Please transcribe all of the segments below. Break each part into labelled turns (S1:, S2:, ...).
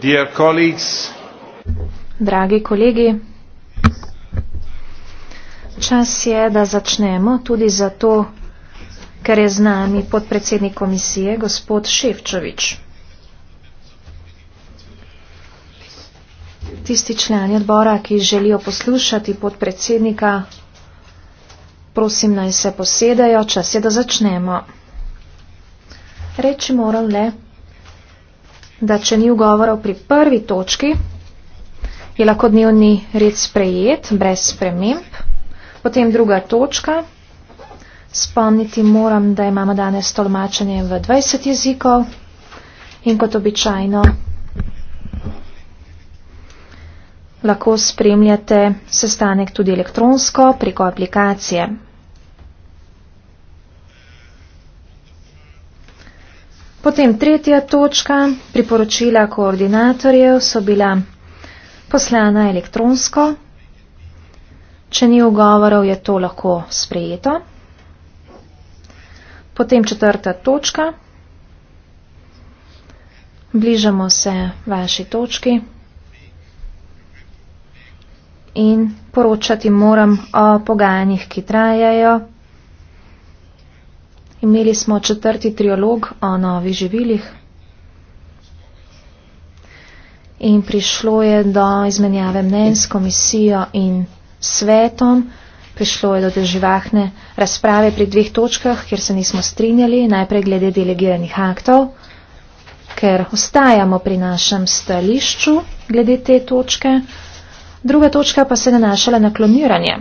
S1: Dear colleagues,
S2: Dragi kolegi, čas je, da začnemo tudi zato, ker je z nami podpredsednik komisije gospod Ševčovič. Tisti člani odbora, ki želijo poslušati podpredsednika, prosim naj se posedajo, čas je, da začnemo reči moram le, da če ni ugovorov pri prvi točki, je lahko dnevni red sprejet brez sprememb. Potem druga točka. Spomniti moram, da imamo danes tolmačenje v 20 jezikov in kot običajno lahko spremljate sestanek tudi elektronsko preko aplikacije. Potem tretja točka, priporočila koordinatorjev so bila poslana elektronsko. Če ni ugovorov, je to lahko sprejeto. Potem četrta točka. Bližamo se vaši točki. In poročati moram o pogajanjih, ki trajajo, Imeli smo četrti triolog o novih živilih in prišlo je do izmenjave mnen s komisijo in svetom. Prišlo je do deživahne razprave pri dveh točkah, kjer se nismo strinjali, najprej glede delegiranih aktov, ker ostajamo pri našem stališču glede te točke. Druga točka pa se nanašala na kloniranje.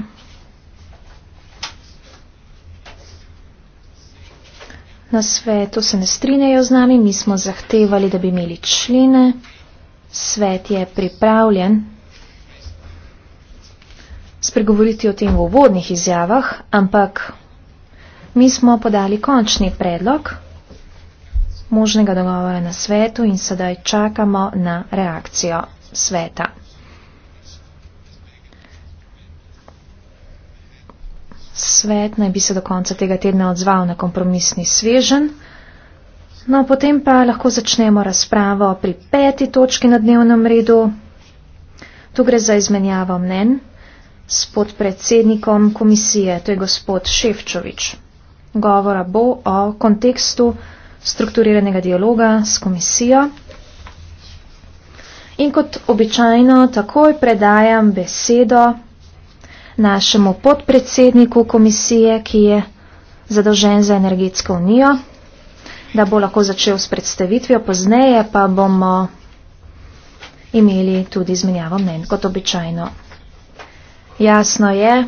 S2: na svetu se ne strinjajo z nami, mi smo zahtevali, da bi imeli člene, svet je pripravljen spregovoriti o tem v uvodnih izjavah, ampak mi smo podali končni predlog možnega dogovora na svetu in sedaj čakamo na reakcijo sveta. Svet naj bi se do konca tega tedna odzval na kompromisni svežen. No, potem pa lahko začnemo razpravo pri peti točki na dnevnem redu. Tu gre za izmenjavo mnen s podpredsednikom komisije, to je gospod Ševčovič. Govora bo o kontekstu strukturiranega dialoga s komisijo. In kot običajno, takoj predajam besedo našemu podpredsedniku komisije, ki je zadolžen za energetsko unijo, da bo lahko začel s predstavitvijo, pozneje pa bomo imeli tudi izmenjavo mnen, kot običajno. Jasno je,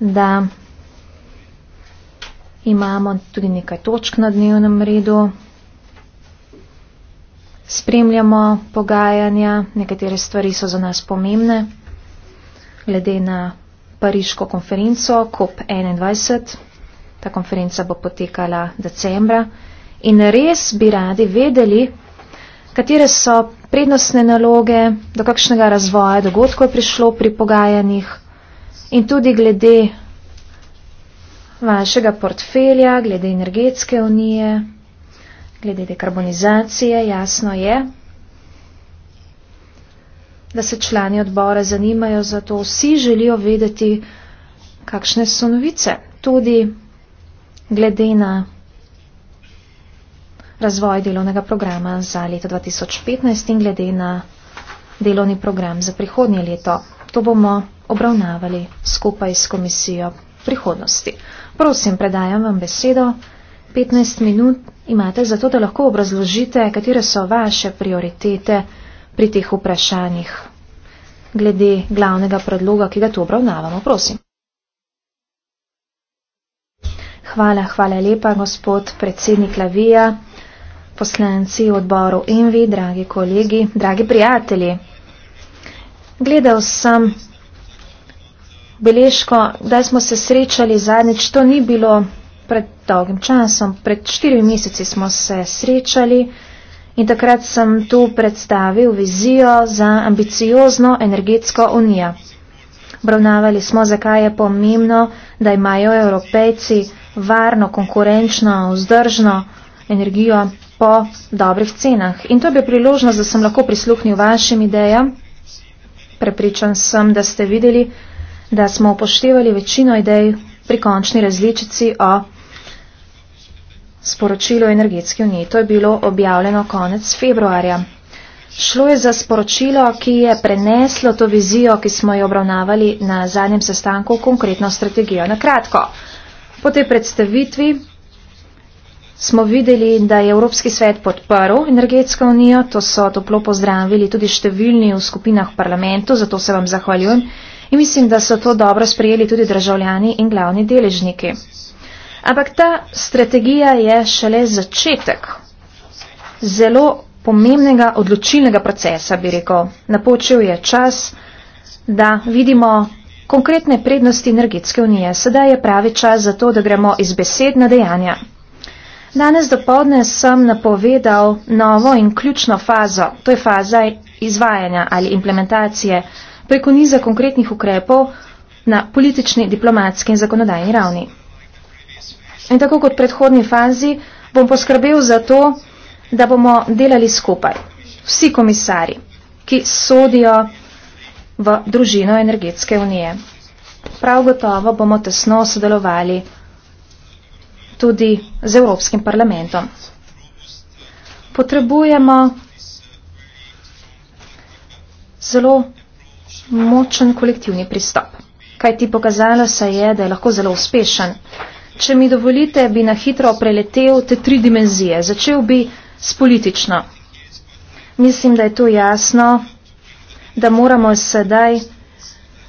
S2: da imamo tudi nekaj točk na dnevnem redu. Spremljamo pogajanja, nekatere stvari so za nas pomembne glede na pariško konferenco COP21. Ta konferenca bo potekala decembra. In res bi radi vedeli, katere so prednostne naloge, do kakšnega razvoja dogodkov je prišlo pri pogajanjih in tudi glede vašega portfelja, glede energetske unije, glede dekarbonizacije, jasno je da se člani odbora zanimajo za to. Vsi želijo vedeti, kakšne so novice. Tudi glede na razvoj delovnega programa za leto 2015 in glede na delovni program za prihodnje leto. To bomo obravnavali skupaj s komisijo prihodnosti. Prosim, predajam vam besedo. 15 minut imate za to, da lahko obrazložite, katere so vaše prioritete pri teh vprašanjih glede glavnega predloga, ki ga tu obravnavamo. Prosim. Hvala, hvala lepa, gospod predsednik Lavija, poslanci odborov Envi, dragi kolegi, dragi prijatelji. Gledal sem beležko, da smo se srečali zadnjič, to ni bilo pred dolgim časom, pred štirimi meseci smo se srečali. In takrat sem tu predstavil vizijo za ambiciozno energetsko unijo. Obravnavali smo, zakaj je pomembno, da imajo evropejci varno, konkurenčno, vzdržno energijo po dobrih cenah. In to bi priložnost, da sem lahko prisluhnil vašim idejam. Prepričan sem, da ste videli, da smo upoštevali večino idej pri končni različici o Sporočilo Energetski uniji. To je bilo objavljeno konec februarja. Šlo je za sporočilo, ki je preneslo to vizijo, ki smo jo obravnavali na zadnjem sestanku, konkretno strategijo. Na kratko, po tej predstavitvi smo videli, da je Evropski svet podprl Energetsko unijo, to so toplo pozdravili tudi številni v skupinah parlamentu, zato se vam zahvaljujem in mislim, da so to dobro sprejeli tudi državljani in glavni deležniki. Ampak ta strategija je šele začetek zelo pomembnega odločilnega procesa, bi rekel. Napočil je čas, da vidimo konkretne prednosti energetske unije. Sedaj je pravi čas za to, da gremo iz besed na dejanja. Danes dopoledne sem napovedal novo in ključno fazo, to je faza izvajanja ali implementacije preko niza konkretnih ukrepov na politični, diplomatski in zakonodajni ravni. In tako kot v predhodni fazi bom poskrbel za to, da bomo delali skupaj. Vsi komisari, ki sodijo v družino energetske unije. Prav gotovo bomo tesno sodelovali tudi z Evropskim parlamentom. Potrebujemo zelo močen kolektivni pristop, kajti pokazalo se je, da je lahko zelo uspešen. Če mi dovolite, bi na hitro preletel te tri dimenzije. Začel bi s politično. Mislim, da je to jasno, da moramo sedaj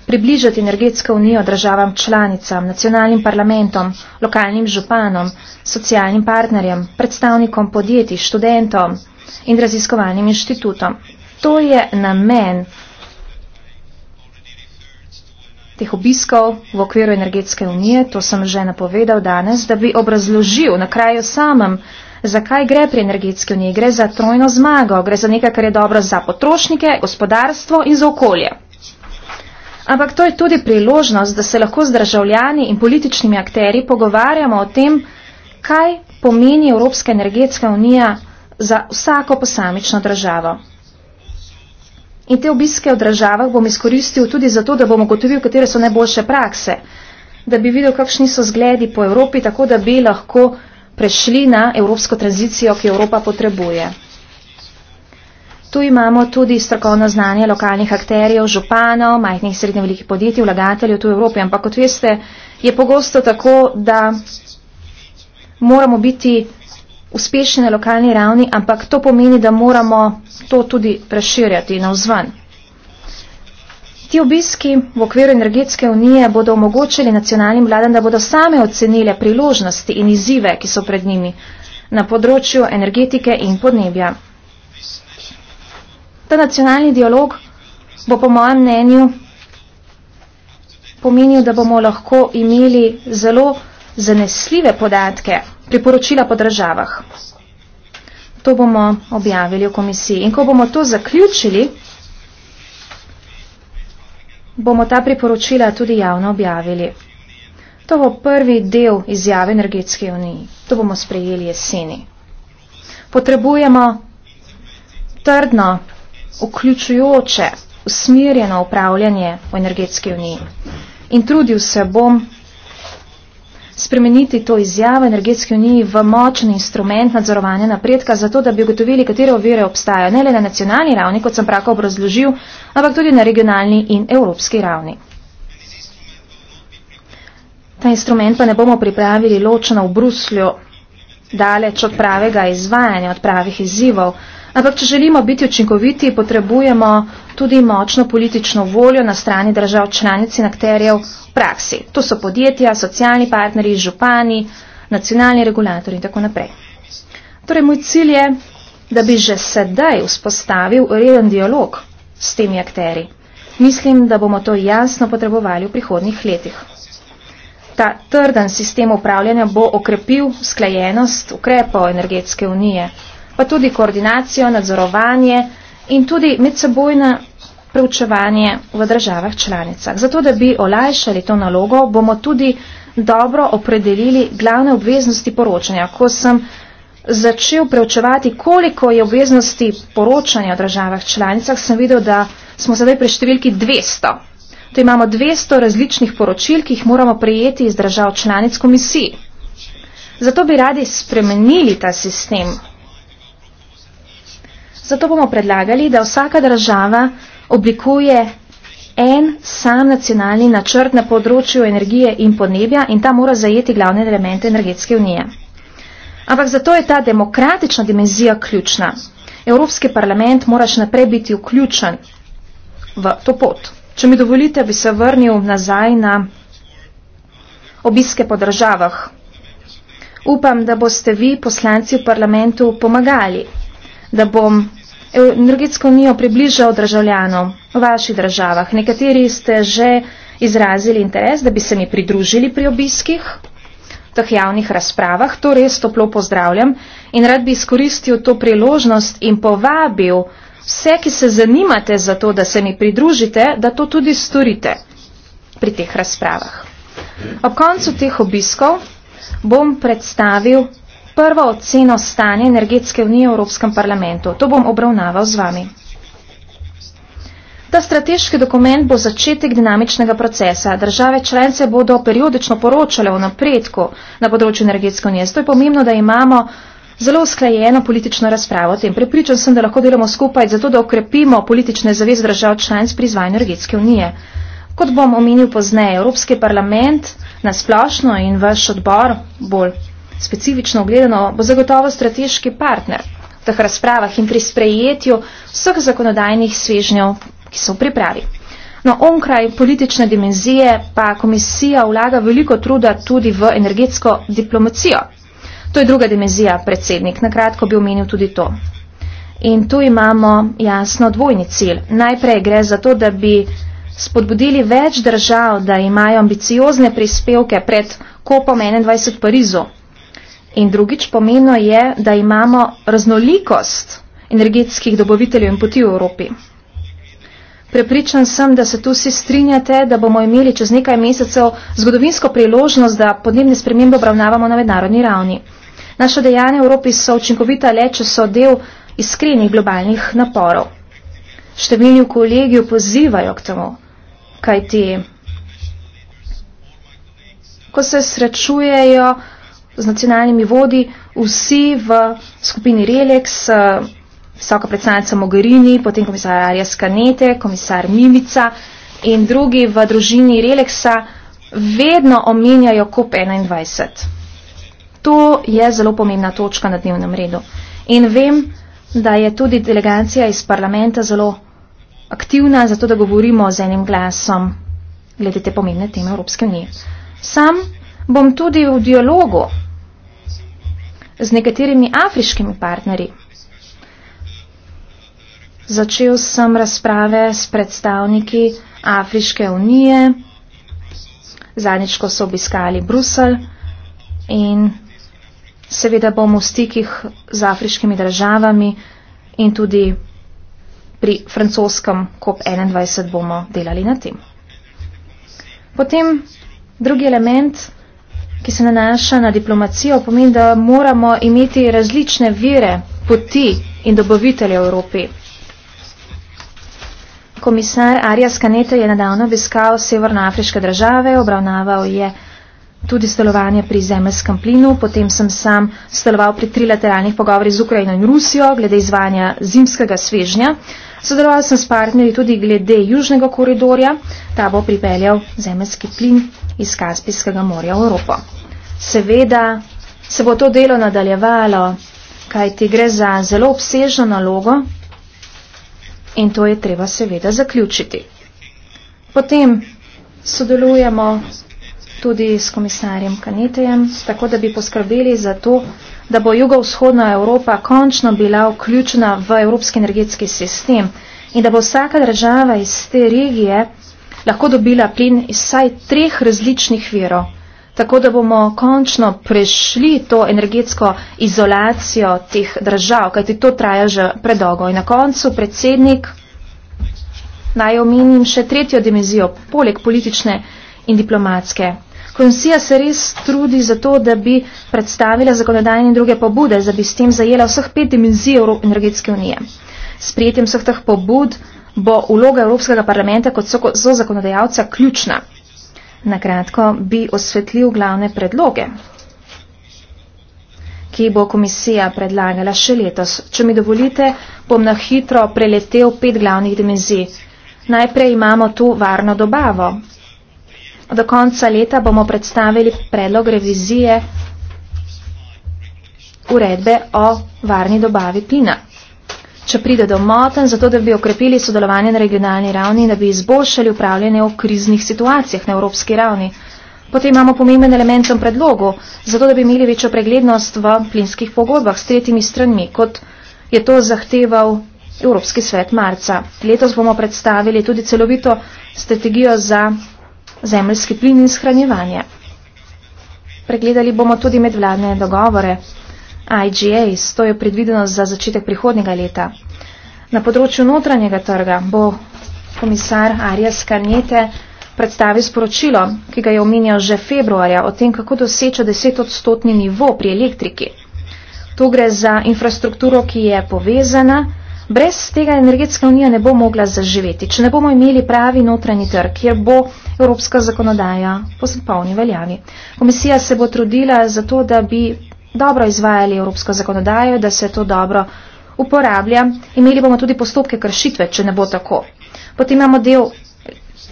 S2: približati energetsko unijo državam članicam, nacionalnim parlamentom, lokalnim županom, socialnim partnerjem, predstavnikom podjetij, študentom in raziskovalnim inštitutom. To je namen teh obiskov v okviru energetske unije, to sem že napovedal danes, da bi obrazložil na kraju samem, zakaj gre pri energetski uniji. Gre za trojno zmago, gre za nekaj, kar je dobro za potrošnike, gospodarstvo in za okolje. Ampak to je tudi priložnost, da se lahko z državljani in političnimi akteri pogovarjamo o tem, kaj pomeni Evropska energetska unija za vsako posamično državo. In te obiske v državah bom izkoristil tudi zato, da bom ugotovil, katere so najboljše prakse, da bi videl, kakšni so zgledi po Evropi, tako da bi lahko prešli na evropsko tranzicijo, ki Evropa potrebuje. Tu imamo tudi strokovno znanje lokalnih akterjev, županov, majhnih in srednje velikih podjetij, vlagateljev tu v Evropi. Ampak kot veste, je pogosto tako, da moramo biti uspešni na lokalni ravni, ampak to pomeni, da moramo to tudi preširjati navzven. Ti obiski v okviru energetske unije bodo omogočili nacionalnim vladam, da bodo same ocenile priložnosti in izzive, ki so pred njimi na področju energetike in podnebja. Ta nacionalni dialog bo po mojem mnenju pomenil, da bomo lahko imeli zelo zanesljive podatke priporočila po državah. To bomo objavili v komisiji. In ko bomo to zaključili, bomo ta priporočila tudi javno objavili. To bo prvi del izjave energetske unije. To bomo sprejeli jeseni. Potrebujemo trdno, vključujoče, usmirjeno upravljanje v energetski uniji. In trudil se bom, spremeniti to izjavo energetski uniji v močni instrument nadzorovanja napredka, zato da bi ugotovili, katere ovire obstajajo ne le na nacionalni ravni, kot sem prav obrazložil, ampak tudi na regionalni in evropski ravni. Ta instrument pa ne bomo pripravili ločeno v Bruslju, daleč od pravega izvajanja, od pravih izzivov. Ampak, če želimo biti učinkoviti, potrebujemo tudi močno politično voljo na strani držav članic in akterjev v praksi. To so podjetja, socialni partnerji, župani, nacionalni regulatori in tako naprej. Torej, moj cilj je, da bi že sedaj vzpostavil reden dialog s temi akteri. Mislim, da bomo to jasno potrebovali v prihodnih letih. Ta trden sistem upravljanja bo okrepil sklajenost ukrepov energetske unije pa tudi koordinacijo, nadzorovanje in tudi medsebojno preučevanje v državah članicah. Zato, da bi olajšali to nalogo, bomo tudi dobro opredelili glavne obveznosti poročanja. Ko sem začel preučevati, koliko je obveznosti poročanja v državah članicah, sem videl, da smo sedaj pri številki 200. To imamo 200 različnih poročil, ki jih moramo prejeti iz držav članic komisij. Zato bi radi spremenili ta sistem Zato bomo predlagali, da vsaka država oblikuje en sam nacionalni načrt na področju energije in podnebja in ta mora zajeti glavne elemente energetske unije. Ampak zato je ta demokratična dimenzija ključna. Evropski parlament mora še naprej biti vključen v to pot. Če mi dovolite, bi se vrnil nazaj na obiske po državah. Upam, da boste vi, poslanci v parlamentu, pomagali da bom energetsko nijo približal državljanom v vaših državah. Nekateri ste že izrazili interes, da bi se mi pridružili pri obiskih teh javnih razpravah. To res toplo pozdravljam in rad bi izkoristil to priložnost in povabil vse, ki se zanimate za to, da se mi pridružite, da to tudi storite pri teh razpravah. Ob koncu teh obiskov bom predstavil prvo oceno stanja energetske unije v Evropskem parlamentu. To bom obravnaval z vami. Ta strateški dokument bo začetek dinamičnega procesa. Države članice bodo periodično poročale o napredku na področju energetske unije. Zato je pomembno, da imamo zelo usklajeno politično razpravo o tem. Prepričan sem, da lahko delamo skupaj zato, da okrepimo politične zavez držav članic pri izvajanju energetske unije. Kot bom omenil pozneje, Evropski parlament na splošno in vaš odbor bolj specifično ogledano, bo zagotovo strateški partner v teh razpravah in pri sprejetju vseh zakonodajnih svežnjev, ki so v pripravi. No, onkraj politične dimenzije pa komisija vlaga veliko truda tudi v energetsko diplomacijo. To je druga dimenzija, predsednik. Nakratko bi omenil tudi to. In tu imamo jasno dvojni cilj. Najprej gre za to, da bi spodbudili več držav, da imajo ambiciozne prispevke pred kopom 21 Parizu, In drugič pomeno je, da imamo raznolikost energetskih doboviteljev in poti v Evropi. Prepričan sem, da se tu vsi strinjate, da bomo imeli čez nekaj mesecev zgodovinsko priložnost, da podnebne spremembe obravnavamo na mednarodni ravni. Naše dejanje v Evropi so učinkovita le, če so del iskrenih globalnih naporov. Številni v kolegiju pozivajo k temu, kaj ti. Ko se srečujejo, z nacionalnimi vodi, vsi v skupini Relex, eh, visoka predstavnica Mogherini, potem komisar Arias Kanete, komisar Mimica in drugi v družini Relexa vedno omenjajo COP21. To je zelo pomembna točka na dnevnem redu. In vem, da je tudi delegacija iz parlamenta zelo aktivna, zato da govorimo z enim glasom glede te pomembne teme Evropske unije. Sam bom tudi v dialogu z nekaterimi afriškimi partnerji. Začel sem razprave s predstavniki Afriške unije, zadnjičko so obiskali Brusel in seveda bom v stikih z afriškimi državami in tudi pri francoskem COP21 bomo delali na tem. Potem drugi element ki se nanaša na diplomacijo, pomeni, da moramo imeti različne vire, poti in dobavitelje v Evropi. Komisar Arias Kanete je nedavno obiskal severnoafriške države, obravnaval je tudi stolovanje pri zemljskem plinu, potem sem sam stoloval pri trilateralnih pogovorih z Ukrajino in Rusijo glede izvanja zimskega svežnja. Sodeloval sem s partnerji tudi glede južnega koridorja, ta bo pripeljal zemljski plin iz Kaspijskega morja v Evropo. Seveda se bo to delo nadaljevalo, kajti gre za zelo obsežno nalogo in to je treba seveda zaključiti. Potem sodelujemo tudi s komisarjem Kanitejem, tako da bi poskrbeli za to, da bo jugovzhodna Evropa končno bila vključena v evropski energetski sistem in da bo vsaka država iz te regije lahko dobila plin iz saj treh različnih virov, tako da bomo končno prešli to energetsko izolacijo teh držav, kajti to traja že predolgo. In na koncu predsednik naj omenim še tretjo dimenzijo, poleg politične in diplomatske. Komisija se res trudi za to, da bi predstavila zakonodajne in druge pobude, da bi s tem zajela vseh pet dimenzij energetske unije. Sprejetjem vseh teh pobud bo uloga Evropskega parlamenta kot so zakonodajalca ključna. Nakratko bi osvetlil glavne predloge, ki bo komisija predlagala še letos. Če mi dovolite, bom na hitro preletel pet glavnih dimenzij. Najprej imamo tu varno dobavo do konca leta bomo predstavili predlog revizije uredbe o varni dobavi plina. Če pride do moten, zato da bi okrepili sodelovanje na regionalni ravni in da bi izboljšali upravljanje v kriznih situacijah na evropski ravni. Potem imamo pomemben element v predlogu, zato da bi imeli večjo preglednost v plinskih pogodbah s tretjimi stranmi, kot je to zahteval Evropski svet marca. Letos bomo predstavili tudi celovito strategijo za zemljski plin in shranjevanje. Pregledali bomo tudi medvladne dogovore IGAs, to je predvideno za začetek prihodnjega leta. Na področju notranjega trga bo komisar Arias Kanjete predstavil sporočilo, ki ga je omenjal že februarja, o tem, kako doseče 10 odstotni nivo pri elektriki. Tu gre za infrastrukturo, ki je povezana. Brez tega energetska unija ne bo mogla zaživeti, če ne bomo imeli pravi notranji trg, kjer bo evropska zakonodaja po polni veljavi. Komisija se bo trudila za to, da bi dobro izvajali evropsko zakonodajo, da se to dobro uporablja. Imeli bomo tudi postopke kršitve, če ne bo tako. Potem imamo del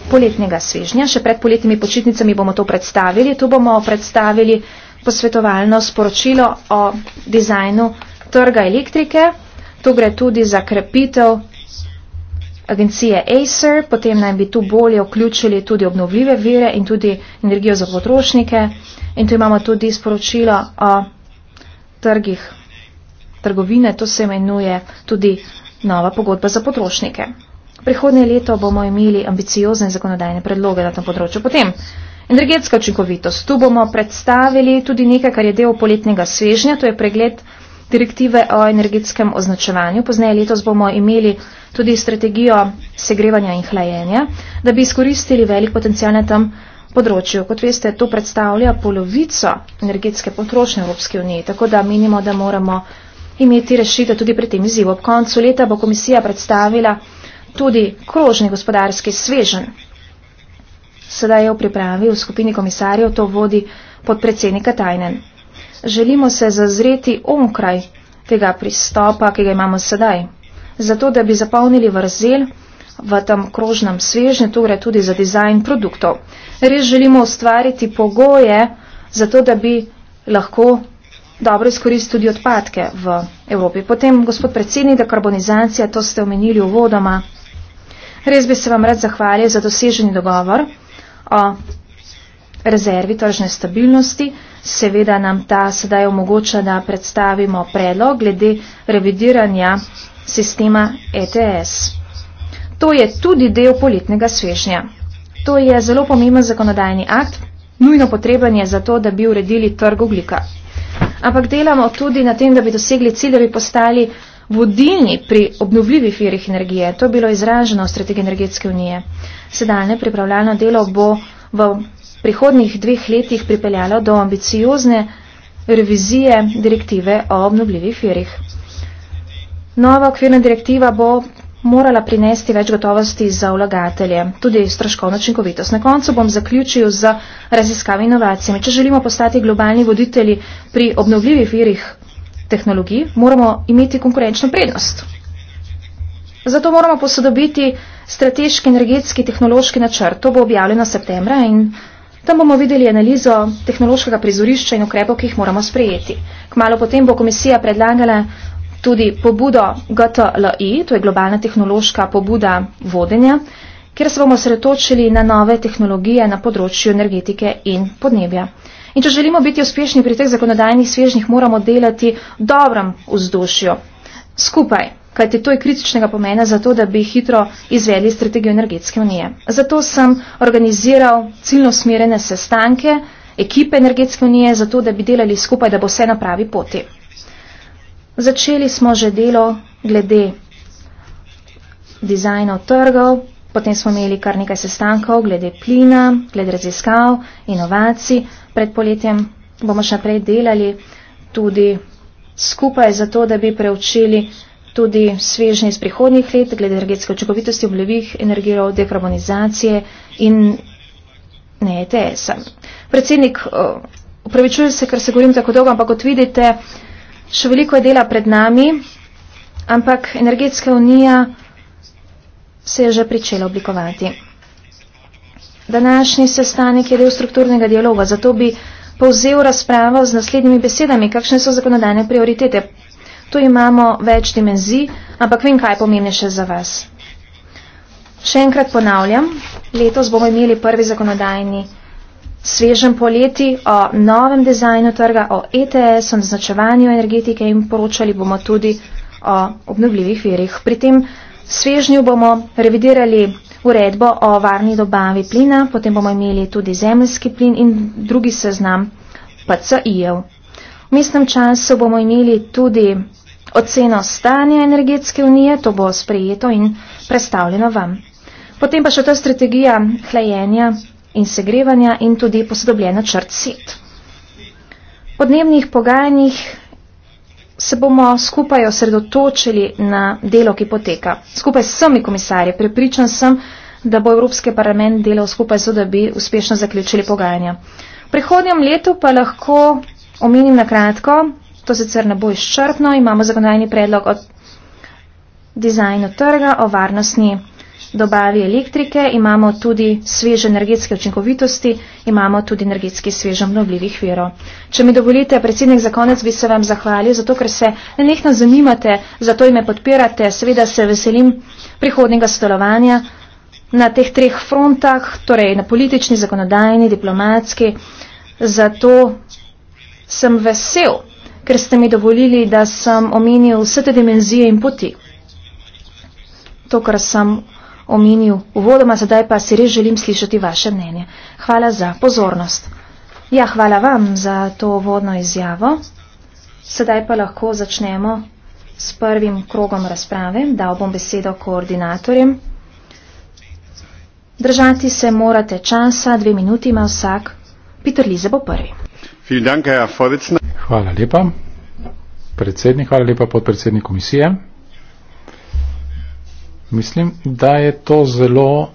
S2: poletnega svežnja, še pred poletnimi počitnicami bomo to predstavili. Tu bomo predstavili posvetovalno sporočilo o dizajnu trga elektrike. Tu gre tudi za krepitev agencije Acer, potem naj bi tu bolje vključili tudi obnovljive vire in tudi energijo za potrošnike. In tu imamo tudi sporočila o trgih trgovine, to se imenuje tudi nova pogodba za potrošnike. Prihodnje leto bomo imeli ambiciozne zakonodajne predloge na tem področju. Potem energetska učinkovitost. Tu bomo predstavili tudi nekaj, kar je del poletnega svežnja, to je pregled direktive o energetskem označevanju. Pozneje letos bomo imeli tudi strategijo segrevanja in hlajenja, da bi izkoristili velik potencial na tem področju. Kot veste, to predstavlja polovico energetske potrošnje Evropske unije, tako da menimo, da moramo imeti rešitev tudi pri tem izzivu. Ob koncu leta bo komisija predstavila tudi krožni gospodarski svežen. Sedaj je v pripravi v skupini komisarjev, to vodi podpredsednika Tajnen želimo se zazreti onkraj tega pristopa, ki ga imamo sedaj, zato da bi zapolnili vrzel v tem krožnem svežnju, torej tudi za dizajn produktov. Res želimo ustvariti pogoje, zato da bi lahko dobro izkoristili tudi odpadke v Evropi. Potem, gospod predsednik, dekarbonizacija, to ste omenili uvodoma. Res bi se vam rad zahvalil za doseženi dogovor o rezervi tržne stabilnosti seveda nam ta sedaj omogoča, da predstavimo predlog glede revidiranja sistema ETS. To je tudi del poletnega svežnja. To je zelo pomemben zakonodajni akt, nujno potreben je za to, da bi uredili trg oglika. Ampak delamo tudi na tem, da bi dosegli cilj, da bi postali vodilni pri obnovljivih virih energije. To je bilo izraženo v strategiji energetske unije. Sedajne pripravljalno delo bo v prihodnih dveh letih pripeljalo do ambiciozne revizije direktive o obnobljivih virih. Nova okvirna direktiva bo morala prinesti več gotovosti za vlagatelje, tudi stroškovno učinkovitost. Na koncu bom zaključil z raziskavami inovacijami. Če želimo postati globalni voditelji pri obnovljivih virih tehnologij, moramo imeti konkurenčno prednost. Zato moramo posodobiti strateški energetski tehnološki načrt. To bo objavljeno septembra in Tam bomo videli analizo tehnološkega prizorišča in ukrepov, ki jih moramo sprejeti. Kmalo potem bo komisija predlagala tudi pobudo GTLI, to je globalna tehnološka pobuda vodenja, kjer se bomo sretočili na nove tehnologije na področju energetike in podnebja. In če želimo biti uspešni pri teh zakonodajnih svežnjih, moramo delati dobrom vzdušju. Skupaj kajte to je kritičnega pomena za to, da bi hitro izvedli strategijo energetske unije. Zato sem organiziral ciljno smerene sestanke ekipe energetske unije, zato da bi delali skupaj, da bo vse na pravi poti. Začeli smo že delo glede dizajnov trgov, potem smo imeli kar nekaj sestankov glede plina, glede raziskav, inovacij. Pred poletjem bomo še naprej delali tudi skupaj, zato da bi preučili tudi svežnje iz prihodnjih let, glede energetske očekovitosti obljevih energirov, dekarbonizacije in ne ETS-a. Predsednik, upravičuje eh, se, ker se govorim tako dolgo, ampak kot vidite, še veliko je dela pred nami, ampak energetska unija se je že pričela oblikovati. Današnji sestanek je del strukturnega dialoga, zato bi povzel razpravo z naslednjimi besedami, kakšne so zakonodajne prioritete. Tu imamo več dimenzij, ampak vem, kaj je pomembnejše za vas. Še enkrat ponavljam, letos bomo imeli prvi zakonodajni svežen poleti o novem dizajnu trga, o ETS, o naznačevanju energetike in poročali bomo tudi o obnovljivih virih. Pri tem svežnju bomo revidirali uredbo o varni dobavi plina, potem bomo imeli tudi zemljski plin in drugi seznam PCI-jev. V mestnem času bomo imeli tudi oceno stanja energetske unije, to bo sprejeto in predstavljeno vam. Potem pa še ta strategija hlajenja in segrevanja in tudi posodobljena črt set. Po dnevnih pogajanjih se bomo skupaj osredotočili na delo, ki poteka. Skupaj s vsemi komisarji prepričan sem, da bo Evropski parlament delal skupaj z ODB uspešno zaključili pogajanja. V prihodnjem letu pa lahko omenim na kratko, To sicer ne bo izčrtno, imamo zakonodajni predlog o dizajnu trga, o varnostni dobavi elektrike, imamo tudi sveže energetske učinkovitosti, imamo tudi energetski sveže obnovljivih virov. Če mi dovolite, predsednik, za konec bi se vam zahvalil, zato ker se nenehno zanimate, zato in me podpirate, seveda se veselim prihodnega sodelovanja na teh treh frontah, torej na politični, zakonodajni, diplomatski, zato sem vesel ker ste mi dovolili, da sem omenil vse te dimenzije in poti. To, kar sem omenil uvodoma, sedaj pa si res želim slišati vaše mnenje. Hvala za pozornost. Ja, hvala vam za to uvodno izjavo. Sedaj pa lahko začnemo s prvim krogom razprave. Dal bom besedo koordinatorjem. Držati se morate časa, dve minuti ima vsak. Peter Lize bo prvi.
S3: Vielen Dank, Herr Vorsitzender. Hvala lepa. Predsednik, hvala lepa podpredsednik komisije. Mislim, da je to zelo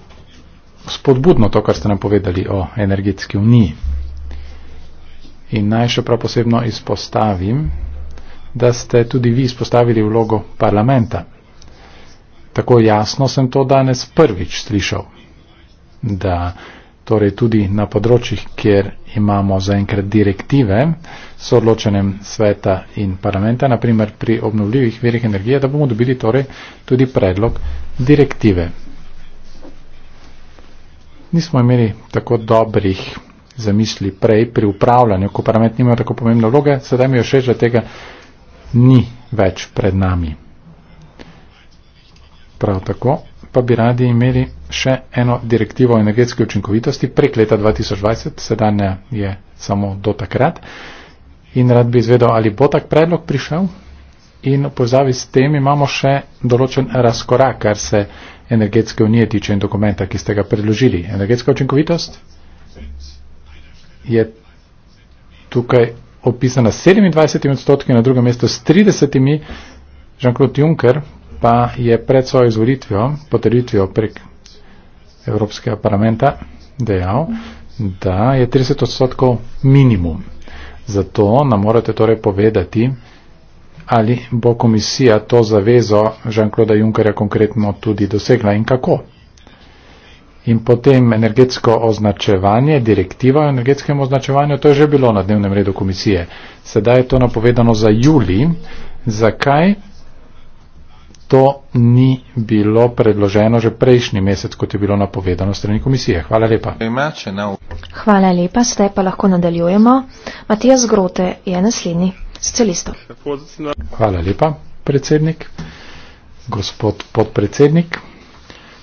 S3: spodbudno, to, kar ste nam povedali o energetski uniji. In naj še prav posebno izpostavim, da ste tudi vi izpostavili vlogo parlamenta. Tako jasno sem to danes prvič slišal, da torej tudi na področjih, kjer imamo zaenkrat direktive s odločenjem sveta in parlamenta, naprimer pri obnovljivih virih energije, da bomo dobili torej tudi predlog direktive. Nismo imeli tako dobrih zamisli prej pri upravljanju, ko parlament nima tako pomembne vloge, sedaj mi je všeč, da tega ni več pred nami. Prav tako pa bi radi imeli še eno direktivo o energetski učinkovitosti prek leta 2020, sedanja je samo do takrat. In rad bi izvedel, ali bo tak predlog prišel. In v povezavi s tem imamo še določen razkorak, kar se energetske unije tiče in dokumenta, ki ste ga predložili. Energetska učinkovitost je tukaj opisana s 27 odstotki, na drugem mestu s 30. Jean-Claude Juncker pa je pred svojo izvolitvijo, potrditvijo prek Evropskega parlamenta dejal, da je 30 odstotkov minimum. Zato nam morate torej povedati, ali bo komisija to zavezo Žan-Kloda Junkarja konkretno tudi dosegla in kako. In potem energetsko označevanje, direktiva o energetskem označevanju, to je že bilo na dnevnem redu komisije. Sedaj je to napovedano za juli. Zakaj? to ni bilo predloženo že prejšnji mesec, kot je bilo napovedano strani komisije. Hvala lepa.
S2: Hvala lepa, zdaj pa lahko nadaljujemo. Matijas Grote je naslednji socialist.
S3: Hvala lepa, predsednik. Gospod podpredsednik,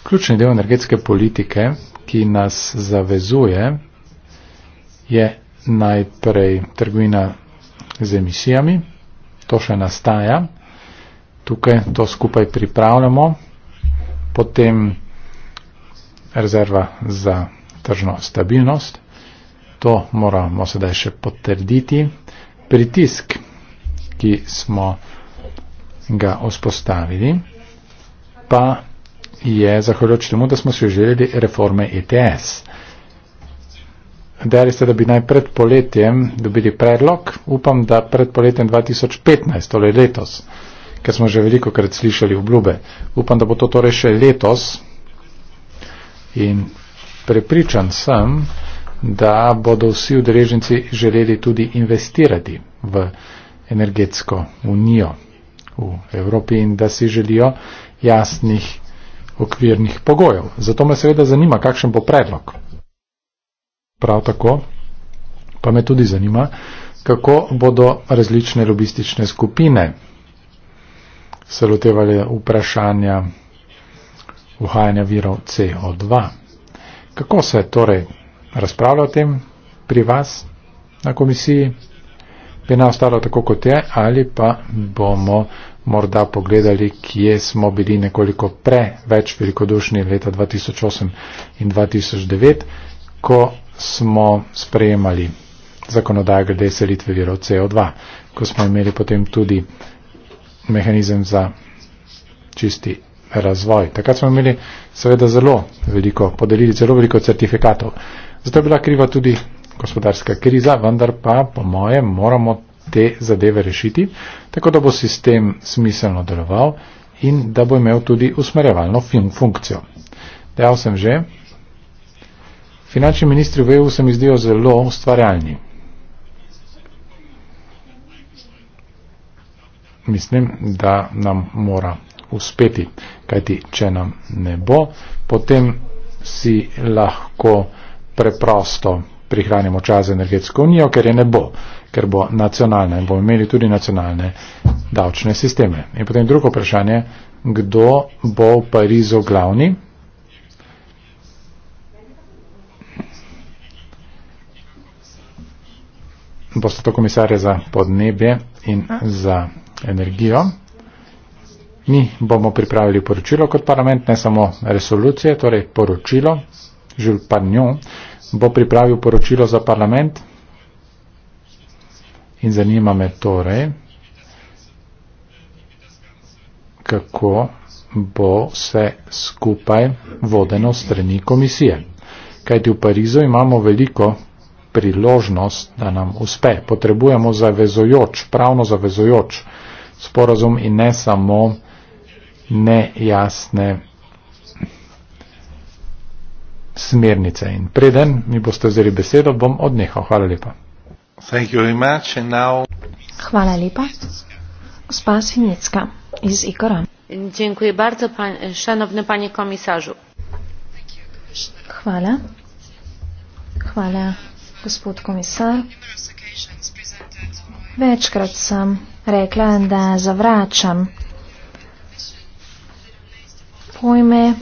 S3: ključni del energetske politike, ki nas zavezuje, je najprej trgovina z emisijami. To še nastaja, tukaj to skupaj pripravljamo, potem rezerva za tržno stabilnost, to moramo sedaj še potrditi, pritisk, ki smo ga vzpostavili, pa je zahvaljujoč temu, da smo si želeli reforme ETS. Dejali ste, da bi naj pred poletjem dobili predlog, upam, da pred poletjem 2015, torej letos, ker smo že veliko krat slišali obljube. Upam, da bo to torej še letos in prepričan sem, da bodo vsi udeleženci želeli tudi investirati v energetsko unijo v Evropi in da si želijo jasnih okvirnih pogojev. Zato me seveda zanima, kakšen bo predlog. Prav tako pa me tudi zanima, kako bodo različne lobistične skupine se lotevali vprašanja uhajanja virov CO2. Kako se torej razpravlja o tem pri vas na komisiji? Bi nam ostalo tako, kot je, ali pa bomo morda pogledali, kje smo bili nekoliko preveč velikodušni leta 2008 in 2009, ko smo sprejemali zakonodaj glede selitve virov CO2, ko smo imeli potem tudi mehanizem za čisti razvoj. Takrat smo imeli seveda zelo veliko, podelili zelo veliko certifikatov. Zato je bila kriva tudi gospodarska kriza, vendar pa, po mojem, moramo te zadeve rešiti, tako da bo sistem smiselno deloval in da bo imel tudi usmerjevalno funkcijo. Dejal sem že, finančni ministri v EU se mi zdijo zelo ustvarjalni. mislim, da nam mora uspeti, kajti če nam ne bo, potem si lahko preprosto prihranimo čas za energetsko unijo, ker je ne bo, ker bo nacionalna in bomo imeli tudi nacionalne davčne sisteme. In potem drugo vprašanje, kdo bo v Parizu glavni? Boste to komisarje za podnebje in za energijo. Mi bomo pripravili poročilo kot parlament, ne samo resolucije, torej poročilo. Jules Pagnon bo pripravil poročilo za parlament in zanima me torej, kako bo se skupaj vodeno strani komisije. Kajti v Parizu imamo veliko priložnost, da nam uspe. Potrebujemo zavezojoč, pravno zavezojoč sporazum in ne samo nejasne smernice. In preden mi boste vzeli besedo, bom odnehal. Hvala lepa.
S1: Thank you very much and now...
S2: Hvala lepa. Gospa Svinjecka iz Ikora.
S4: Dziękuję bardzo, pan, szanowny panie komisarzu.
S2: Hvala. Hvala, gospod komisar. Večkrat sem rekla, da zavračam pojme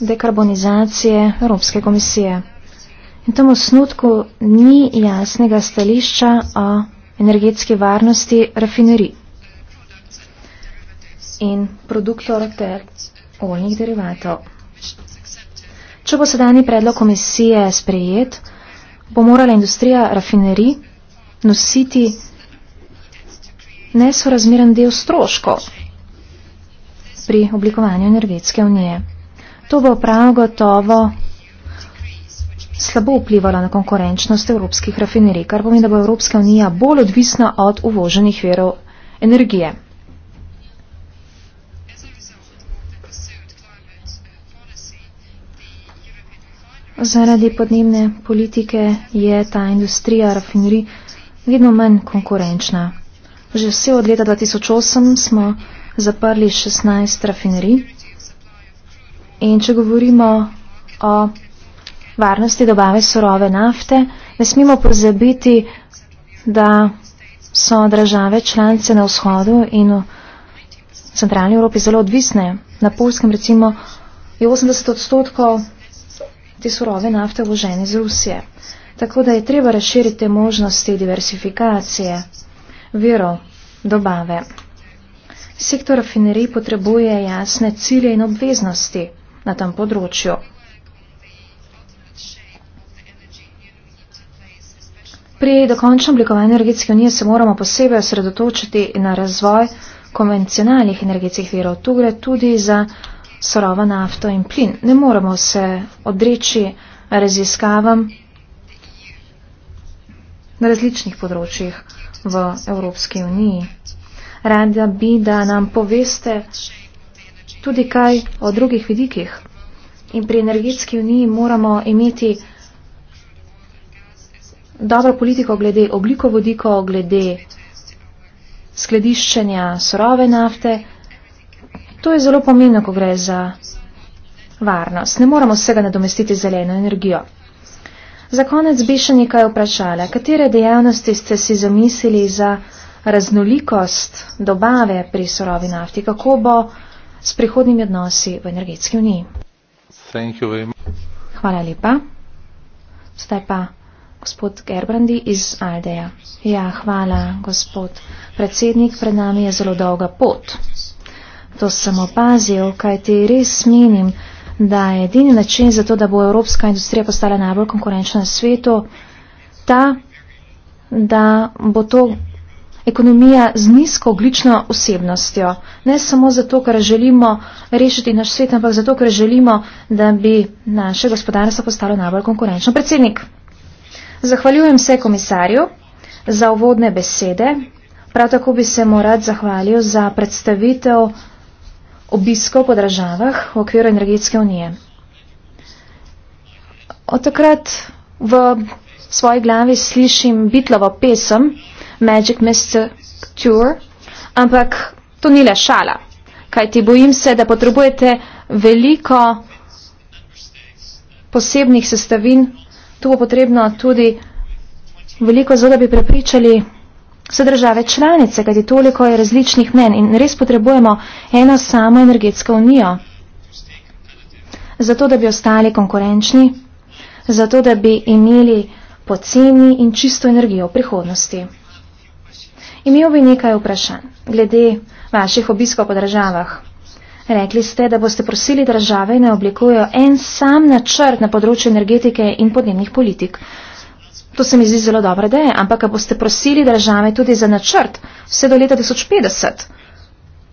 S2: dekarbonizacije Evropske komisije. In tam osnutku ni jasnega stališča o energetski varnosti rafineri in produktor ter oljnih derivatov. Če bo sedajni predlog komisije sprejet, bo morala industrija rafineri nositi nesorazmeren del stroškov pri oblikovanju energetske unije. To bo prav gotovo slabo vplivalo na konkurenčnost evropskih rafinerij, kar pomeni, da bo Evropska unija bolj odvisna od uvoženih verov energije. Zaradi podnebne politike je ta industrija rafinerij vedno manj konkurenčna. Že vse od leta 2008 smo zaprli 16 rafinerij. In če govorimo o varnosti dobave surove nafte, ne smemo pozabiti, da so države članice na vzhodu in v centralni Evropi zelo odvisne. Na Polskem recimo je 80 odstotkov te surove nafte vložene iz Rusije. Tako da je treba razširiti možnosti diversifikacije vero dobave. Sektor rafinerij potrebuje jasne cilje in obveznosti na tem področju. Pri dokončnem oblikovanju energetske unije se moramo posebej osredotočiti na razvoj konvencionalnih energetskih virov. Tu gre tudi za sorovo nafto in plin. Ne moremo se odreči raziskavam na različnih področjih v Evropski uniji. Rada bi, da nam poveste tudi kaj o drugih vidikih. In pri energetski uniji moramo imeti dobro politiko glede oblikovodiko, glede skladiščenja surove nafte. To je zelo pomembno, ko gre za varnost. Ne moramo vsega nadomestiti zeleno energijo. Za konec bi še nekaj vprašala. Katere dejavnosti ste si zamislili za raznolikost dobave pri sorovi nafti? Kako bo s prihodnimi odnosi v energetski uniji? Hvala lepa. Zdaj pa gospod Gerbrandi iz Aldeja. Ja, hvala, gospod predsednik. Pred nami je zelo dolga pot. To sem opazil, kajti res menim, da je edini način za to, da bo evropska industrija postala najbolj konkurenčna na svetu, ta, da bo to ekonomija z nizko oglično osebnostjo. Ne samo zato, ker želimo rešiti naš svet, ampak zato, ker želimo, da bi naše gospodarstvo postalo najbolj konkurenčno. Predsednik, zahvaljujem se komisarju za uvodne besede. Prav tako bi se morat zahvalil za predstavitev obiskov po državah v okviru energetske unije. Od takrat v svoji glavi slišim bitlovo pesem Magic Mr. Tour, ampak to ni le šala, kajti bojim se, da potrebujete veliko posebnih sestavin, tu bo potrebno tudi veliko zelo, da bi prepričali so države članice, kajti toliko je različnih mnen in res potrebujemo eno samo energetsko unijo. Zato, da bi ostali konkurenčni, zato, da bi imeli poceni in čisto energijo v prihodnosti. Imel bi nekaj vprašanj glede vaših obiskov po državah. Rekli ste, da boste prosili države, da oblikujejo en sam načrt na področju energetike in podnebnih politik. To se mi zdi zelo dobra ideja, ampak ga boste prosili države tudi za načrt vse do leta 2050.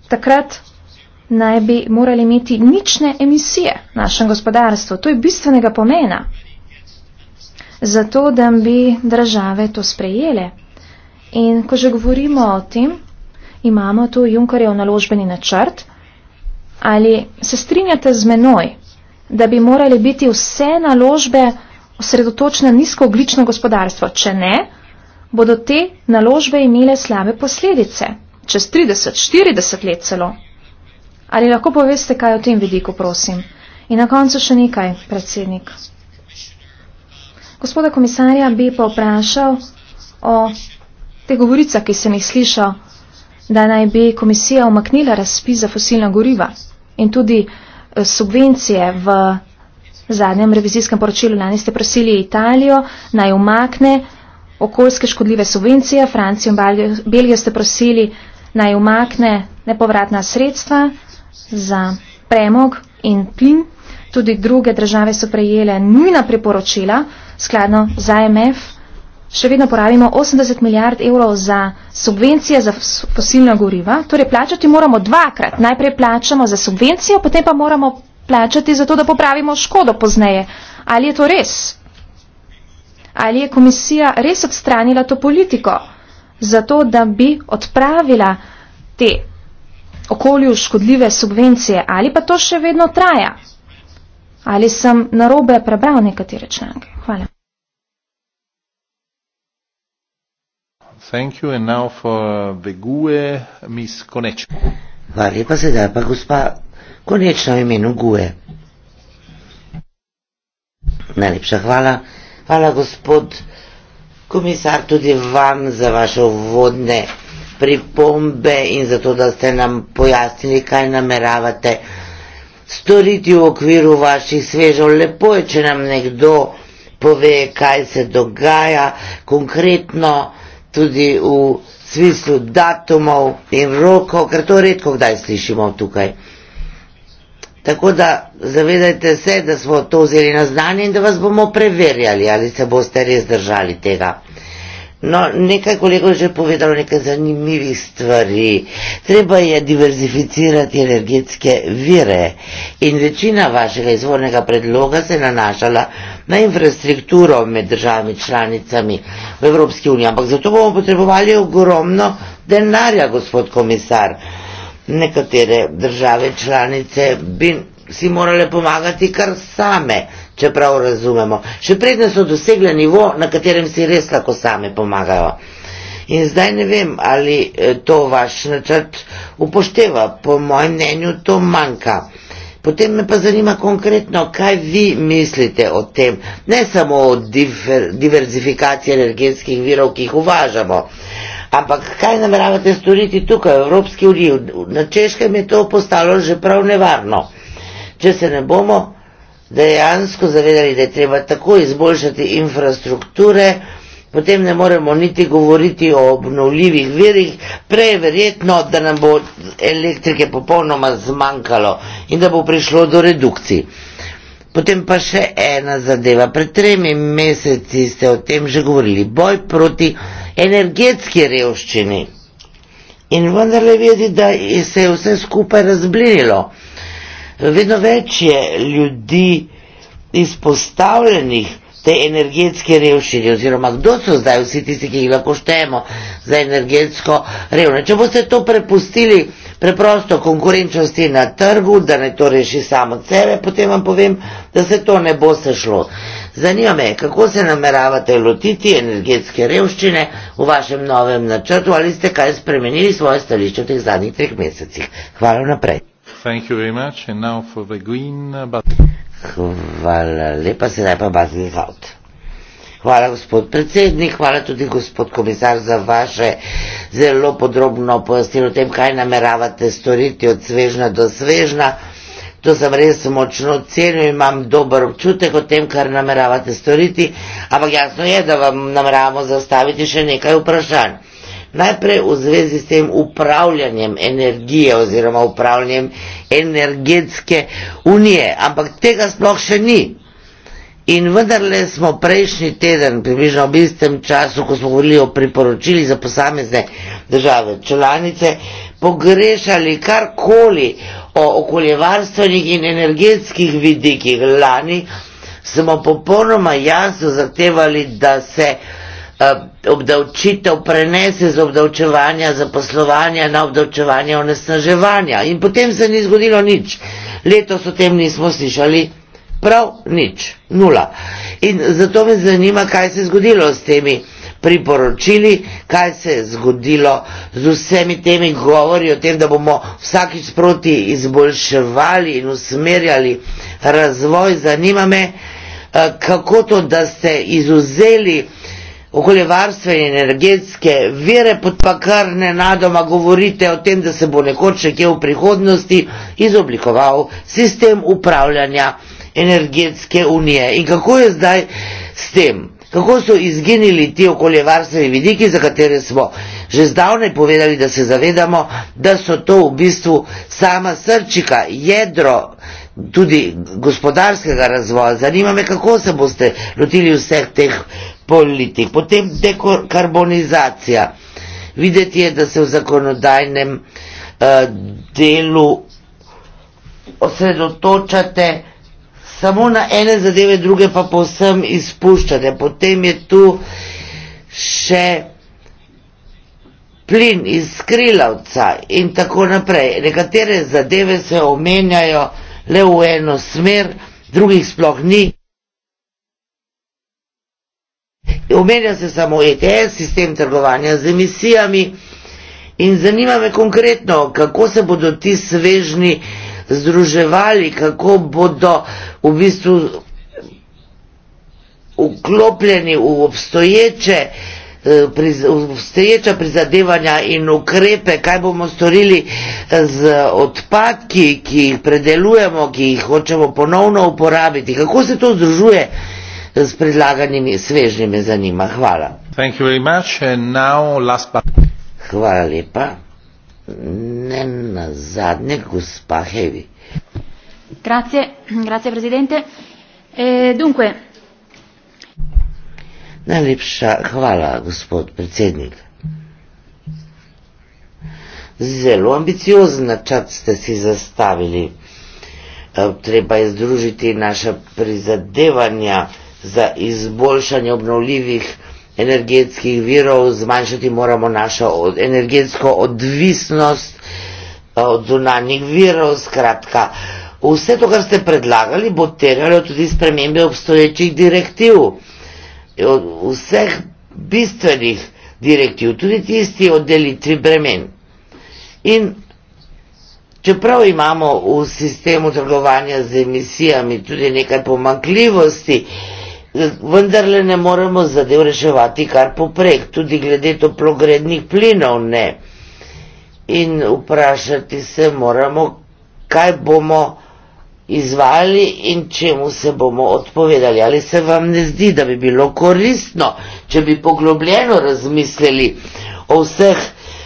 S2: Takrat naj bi morali imeti nične emisije v našem gospodarstvu. To je bistvenega pomena. Zato, da bi države to sprejele. In ko že govorimo o tem, imamo tu Junkarjev naložbeni načrt. Ali se strinjate z menoj, da bi morali biti vse naložbe, osredotoči na nizkooglično gospodarstvo. Če ne, bodo te naložbe imele slabe posledice. Čez 30, 40 let celo. Ali lahko poveste kaj o tem vidiku, prosim? In na koncu še nekaj, predsednik. Gospoda komisarja bi pa vprašal o te govorica, ki sem jih slišal, da naj bi komisija omaknila razpis za fosilna goriva in tudi eh, subvencije v V zadnjem revizijskem poročilu lani ste prosili Italijo naj umakne okoljske škodljive subvencije, Francijo in Belgijo ste prosili naj umakne nepovratna sredstva za premog in plin. Tudi druge države so prejele nujna priporočila, skladno za MF. Še vedno porabimo 80 milijard evrov za subvencije za fosilna goriva, torej plačati moramo dvakrat. Najprej plačamo za subvencijo, potem pa moramo plačati za to, da popravimo škodo pozneje. Ali je to res? Ali je komisija res odstranila to politiko za to, da bi odpravila te okolju škodljive subvencije? Ali pa to še vedno traja? Ali sem narobe prebral nekatere članke? Hvala.
S1: Thank you and now for Begue, e, Miss Koneč.
S4: Hvala lepa, sedaj pa gospa konečno v imenu Guje. Najlepša hvala. Hvala, gospod komisar, tudi vam za vaše uvodne pripombe in za to, da ste nam pojasnili, kaj nameravate storiti v okviru vaših svežev. Lepo je, če nam nekdo pove, kaj se dogaja konkretno tudi v smislu datumov in rokov, ker to redko kdaj slišimo tukaj. Tako da zavedajte se, da smo to vzeli na znanje in da vas bomo preverjali, ali se boste res držali tega. No, nekaj kolegov je že povedalo nekaj zanimivih stvari. Treba je diverzificirati energetske vire in večina vašega izvornega predloga se je nanašala na infrastrukturo med državami članicami v Evropski uniji, ampak zato bomo potrebovali ogromno denarja, gospod komisar nekatere države članice bi si morale pomagati kar same, čeprav razumemo. Še predne so dosegle nivo, na katerem si res lahko same pomagajo. In zdaj ne vem, ali eh, to vaš načrt upošteva. Po mojem mnenju to manjka. Potem me pa zanima konkretno, kaj vi mislite o tem, ne samo o diver, diverzifikaciji energetskih virov, ki jih uvažamo, Ampak kaj nameravate storiti tukaj v Evropski uniji? Na češkem je to postalo že prav nevarno. Če se ne bomo dejansko zavedali, da je treba tako izboljšati infrastrukture, potem ne moremo niti govoriti o obnovljivih verih, prej verjetno, da nam bo elektrike popolnoma zmanjkalo in da bo prišlo do redukcij. Potem pa še ena zadeva. Pred tremi meseci ste o tem že govorili. Boj proti energetski revščini. In vendar le vidi, da se je vse skupaj razblinilo. Vedno več je ljudi izpostavljenih te energetske revščine oziroma kdo so zdaj vsi tisti, ki jih lahko štemo za energetsko revno. Če boste to prepustili preprosto konkurenčnosti na trgu, da ne to reši samo sebe, potem vam povem, da se to ne bo sešlo. Zanima me, kako se nameravate lotiti energetske revščine v vašem novem načrtu ali ste kaj spremenili svoje stališče v teh zadnjih treh mesecih? Hvala naprej.
S1: Thank you very much and now for the green uh, button.
S4: Hvala lepa, sedaj pa bazni zavod. Hvala gospod predsednik, hvala tudi gospod komisar za vaše zelo podrobno pojasnilo o tem, kaj nameravate storiti od svežna do svežna to sem res močno ocenil in imam dober občutek o tem, kar nameravate storiti, ampak jasno je, da vam nameravamo zastaviti še nekaj vprašanj. Najprej v zvezi s tem upravljanjem energije oziroma upravljanjem energetske unije, ampak tega sploh še ni. In vendarle smo prejšnji teden, približno v istem času, ko smo govorili o priporočili za posamezne države članice, pogrešali karkoli o okoljevarstvenih in energetskih vidikih lani, smo popolnoma jasno zahtevali, da se eh, obdavčitev prenese z obdavčevanja zaposlovanja na obdavčevanje onesnaževanja. In potem se ni zgodilo nič. Letos o tem nismo slišali prav nič. Nula. In zato me zanima, kaj se je zgodilo s temi priporočili, kaj se je zgodilo z vsemi temi govori o tem, da bomo vsakič proti izboljševali in usmerjali razvoj. Zanima me, eh, kako to, da ste izuzeli okoljevarstve in energetske vire, pod pa kar ne nadoma govorite o tem, da se bo nekoč nekje v prihodnosti izoblikoval sistem upravljanja energetske unije. In kako je zdaj s tem? kako so izginili ti okoljevarstveni vidiki, za katere smo že zdavne povedali, da se zavedamo, da so to v bistvu sama srčika, jedro tudi gospodarskega razvoja. Zanima me, kako se boste lotili vseh teh politik. Potem dekarbonizacija. Videti je, da se v zakonodajnem uh, delu osredotočate samo na ene zadeve, druge pa povsem izpuščate. Potem je tu še plin iz skrilavca in tako naprej. Nekatere zadeve se omenjajo le v eno smer, drugih sploh ni. Omenja se samo ETS, sistem trgovanja z emisijami in zanima me konkretno, kako se bodo ti svežni združevali, kako bodo v bistvu vklopljeni v obstoječe eh, obstoječa prizadevanja in ukrepe, kaj bomo storili eh, z odpadki, ki jih predelujemo, ki jih hočemo ponovno uporabiti, kako se to združuje eh, s predlaganimi svežnjimi zanima. Hvala. Hvala lepa ne nazadnje gospa Hevi.
S2: Grazie, grazie presidente. E, dunque.
S4: Najlepša hvala, gospod predsednik. Zelo ambiciozen načrt ste si zastavili. Eh, treba je združiti naša prizadevanja za izboljšanje obnovljivih energetskih virov, zmanjšati moramo našo energetsko odvisnost eh, od zunanjih virov. Skratka, vse to, kar ste predlagali, bo terjalo tudi spremembe obstoječih direktiv. Od vseh bistvenih direktiv, tudi tisti o delitvi bremen. In čeprav imamo v sistemu trgovanja z emisijami tudi nekaj pomankljivosti, vendarle ne moremo zadev reševati kar poprek, tudi glede toplogrednih plinov ne. In vprašati se moramo, kaj bomo izvajali in čemu se bomo odpovedali. Ali se vam ne zdi, da bi bilo koristno, če bi poglobljeno razmislili o vseh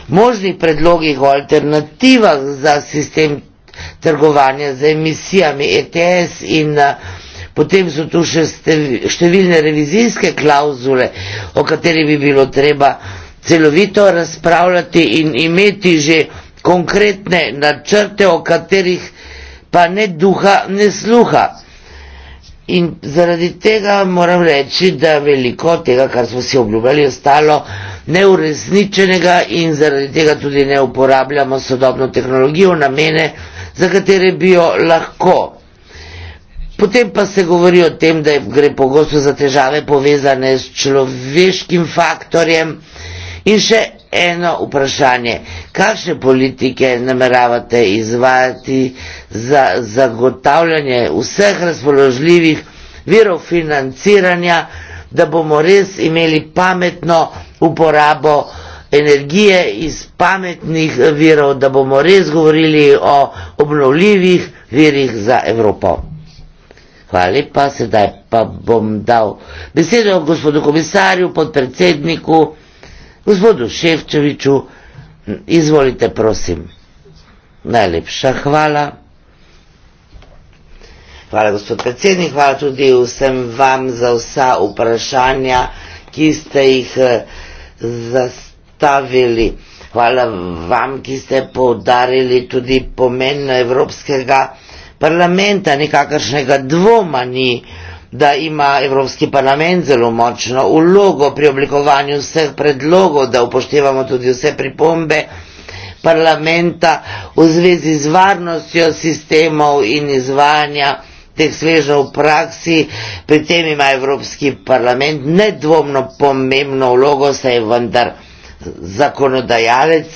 S4: možnih predlogih, o alternativah za sistem trgovanja z emisijami ETS in uh, Potem so tu še številne revizijske klauzule, o kateri bi bilo treba celovito razpravljati in imeti že konkretne načrte, o katerih pa ne duha, ne sluha. In zaradi tega moram reči, da veliko tega, kar smo si obljubljali, ostalo neurezničenega in zaradi tega tudi ne uporabljamo sodobno tehnologijo na mene, za katere bi jo lahko Potem pa se govori o tem, da gre pogosto za težave povezane s človeškim faktorjem. In še eno vprašanje, kakšne politike nameravate izvajati za zagotavljanje vseh razpoložljivih virov financiranja, da bomo res imeli pametno uporabo energije iz pametnih virov, da bomo res govorili o obnovljivih virih za Evropo. Hvala lepa, sedaj pa bom dal besedo gospodu komisarju, podpredsedniku, gospodu Ševčeviču. Izvolite, prosim. Najlepša hvala. Hvala, gospod predsednik, hvala tudi vsem vam za vsa vprašanja, ki ste jih eh, zastavili. Hvala vam, ki ste poudarili tudi pomen evropskega parlamenta nikakršnega dvoma ni, da ima Evropski parlament zelo močno ulogo pri oblikovanju vseh predlogov, da upoštevamo tudi vse pripombe parlamenta v zvezi z varnostjo sistemov in izvajanja teh sveža v praksi, pri tem ima Evropski parlament nedvomno pomembno vlogo, saj je vendar zakonodajalec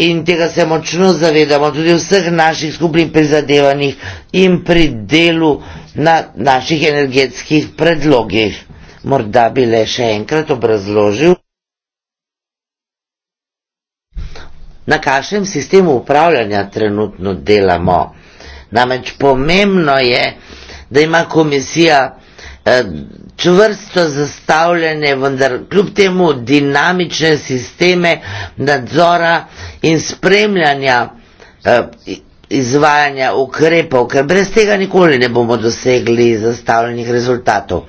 S4: in tega se močno zavedamo tudi vseh naših skupnih prizadevanjih in pri delu na naših energetskih predlogih. Morda bi le še enkrat obrazložil, na kakšnem sistemu upravljanja trenutno delamo. Namreč pomembno je, da ima komisija eh, čvrsto zastavljene, vendar kljub temu dinamične sisteme nadzora in spremljanja eh, izvajanja ukrepov, ker brez tega nikoli ne bomo dosegli zastavljenih rezultatov.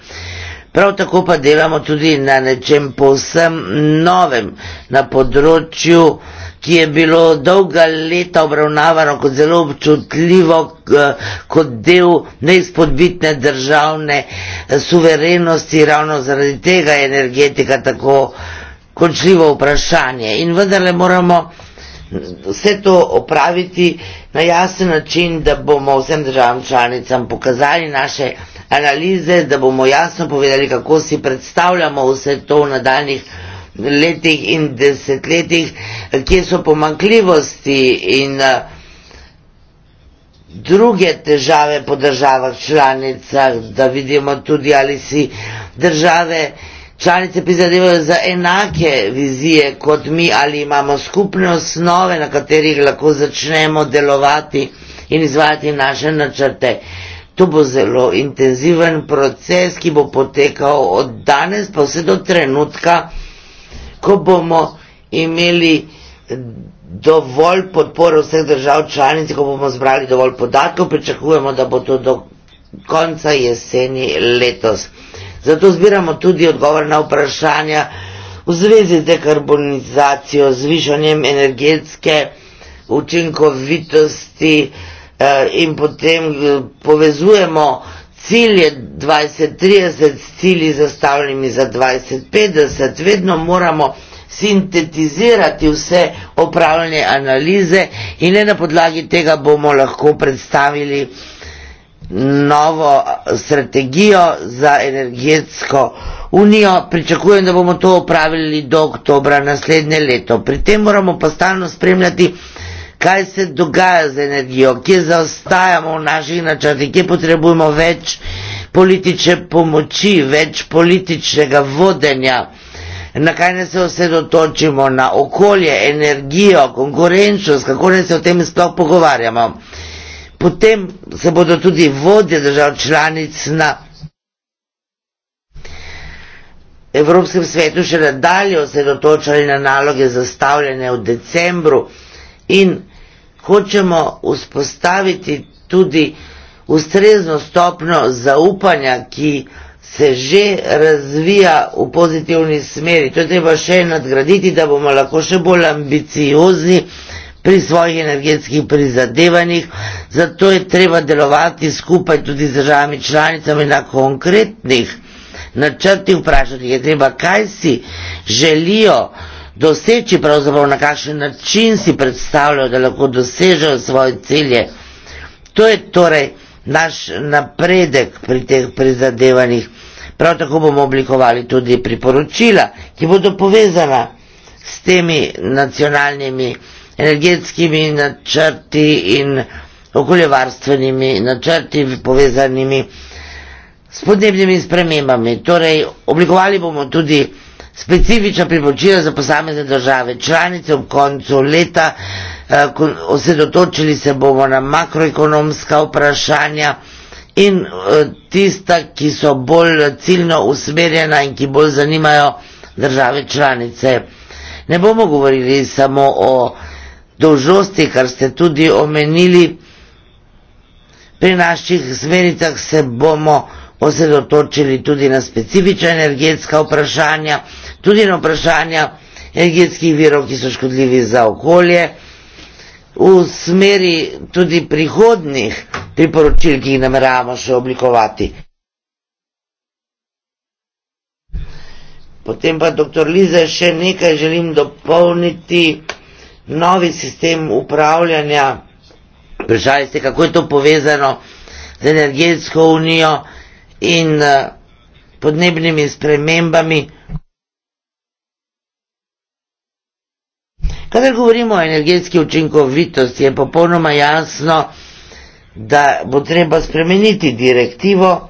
S4: Prav tako pa delamo tudi na nečem povsem novem, na področju, ki je bilo dolga leta obravnavano kot zelo občutljivo, eh, kot del neizpodbitne državne eh, suverenosti, ravno zaradi tega je energetika tako končljivo vprašanje. In vendarle moramo mm, vse to opraviti, na jasen način, da bomo vsem državam članicam pokazali naše analize, da bomo jasno povedali, kako si predstavljamo vse to v nadaljnih letih in desetletjih, kje so pomankljivosti in eh, druge težave po državah članicah, da vidimo tudi, ali si države Članice prizadevajo za enake vizije kot mi ali imamo skupne osnove, na katerih lahko začnemo delovati in izvajati naše načrte. To bo zelo intenziven proces, ki bo potekal od danes pa vse do trenutka, ko bomo imeli dovolj podpore vseh držav članic, ko bomo zbrali dovolj podatkov, pričakujemo, da bo to do konca jeseni letos. Zato zbiramo tudi odgovor na vprašanja v zvezi z dekarbonizacijo, zvišanjem energetske učinkovitosti eh, in potem eh, povezujemo cilje 2030 s cilji zastavljenimi za 2050. Vedno moramo sintetizirati vse opravljene analize in le na podlagi tega bomo lahko predstavili novo strategijo za energetsko unijo. Pričakujem, da bomo to opravili do oktobra naslednje leto. Pri tem moramo pa stalno spremljati, kaj se dogaja z energijo, kje zaostajamo v naših načrtih, kje potrebujemo več politične pomoči, več političnega vodenja, na kaj ne se osredotočimo, na okolje, energijo, konkurenčnost, kako ne se o tem sploh pogovarjamo potem se bodo tudi vodje držav članic na Evropskem svetu še nadalje osredotočali na naloge zastavljene v decembru in hočemo vzpostaviti tudi ustrezno stopno zaupanja, ki se že razvija v pozitivni smeri. To je treba še nadgraditi, da bomo lahko še bolj ambiciozni pri svojih energetskih prizadevanjih, zato je treba delovati skupaj tudi z državami članicami na konkretnih načrtih vprašanjih. Je treba, kaj si želijo doseči, pravzaprav na kakšen način si predstavljajo, da lahko dosežejo svoje cilje. To je torej naš napredek pri teh prizadevanjih. Prav tako bomo oblikovali tudi priporočila, ki bodo povezana s temi nacionalnimi energetskimi načrti in okoljevarstvenimi načrti povezanimi s podnebnimi spremembami. Torej, oblikovali bomo tudi specifična priporočila za posamezne države. Članice ob koncu leta eh, osredotočili se bomo na makroekonomska vprašanja in eh, tista, ki so bolj ciljno usmerjena in ki bolj zanimajo države članice. Ne bomo govorili samo o dolžnosti, kar ste tudi omenili, pri naših zmenicah se bomo osredotočili tudi na specifična energetska vprašanja, tudi na vprašanja energetskih virov, ki so škodljivi za okolje, v smeri tudi prihodnih priporočil, ki jih nameravamo še oblikovati. Potem pa, doktor Liza, še nekaj želim dopolniti novi sistem upravljanja, vprašali ste, kako je to povezano z energetsko unijo in eh, podnebnimi spremembami. Kadar govorimo o energetski učinkovitosti, je popolnoma jasno, da bo treba spremeniti direktivo,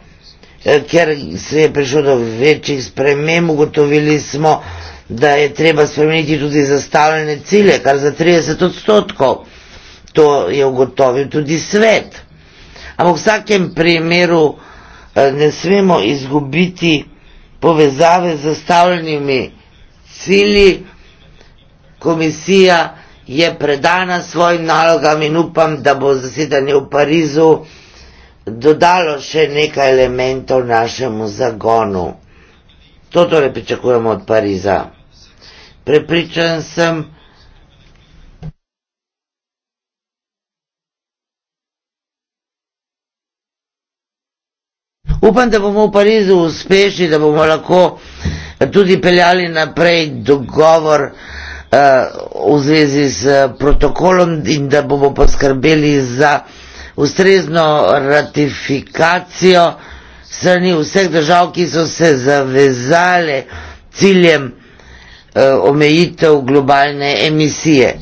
S4: eh, ker se je prišlo do večjih sprememb, ugotovili smo, da je treba spremeniti tudi zastavljene cilje, kar za 30 odstotkov. To je ugotovil tudi svet. Ampak v vsakem primeru eh, ne smemo izgubiti povezave z zastavljenimi cilji. Komisija je predana svojim nalogam in upam, da bo zasedanje v Parizu dodalo še nekaj elementov našemu zagonu. To torej pričakujemo od Pariza. Prepričan sem, Upam, da bomo v Parizu uspešni, da bomo lahko tudi peljali naprej dogovor uh, v zvezi s eh, protokolom in da bomo poskrbeli za ustrezno ratifikacijo strani vseh držav, ki so se zavezale ciljem Eh, omejitev globalne emisije.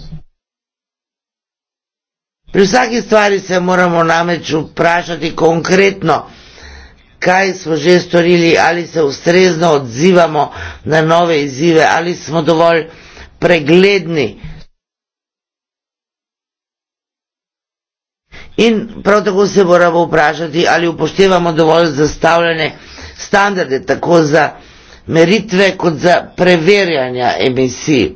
S4: Pri vsaki stvari se moramo namreč vprašati konkretno, kaj smo že storili, ali se ustrezno odzivamo na nove izzive, ali smo dovolj pregledni. In prav tako se moramo vprašati, ali upoštevamo dovolj zastavljene standarde, tako za meritve kot za preverjanja emisij.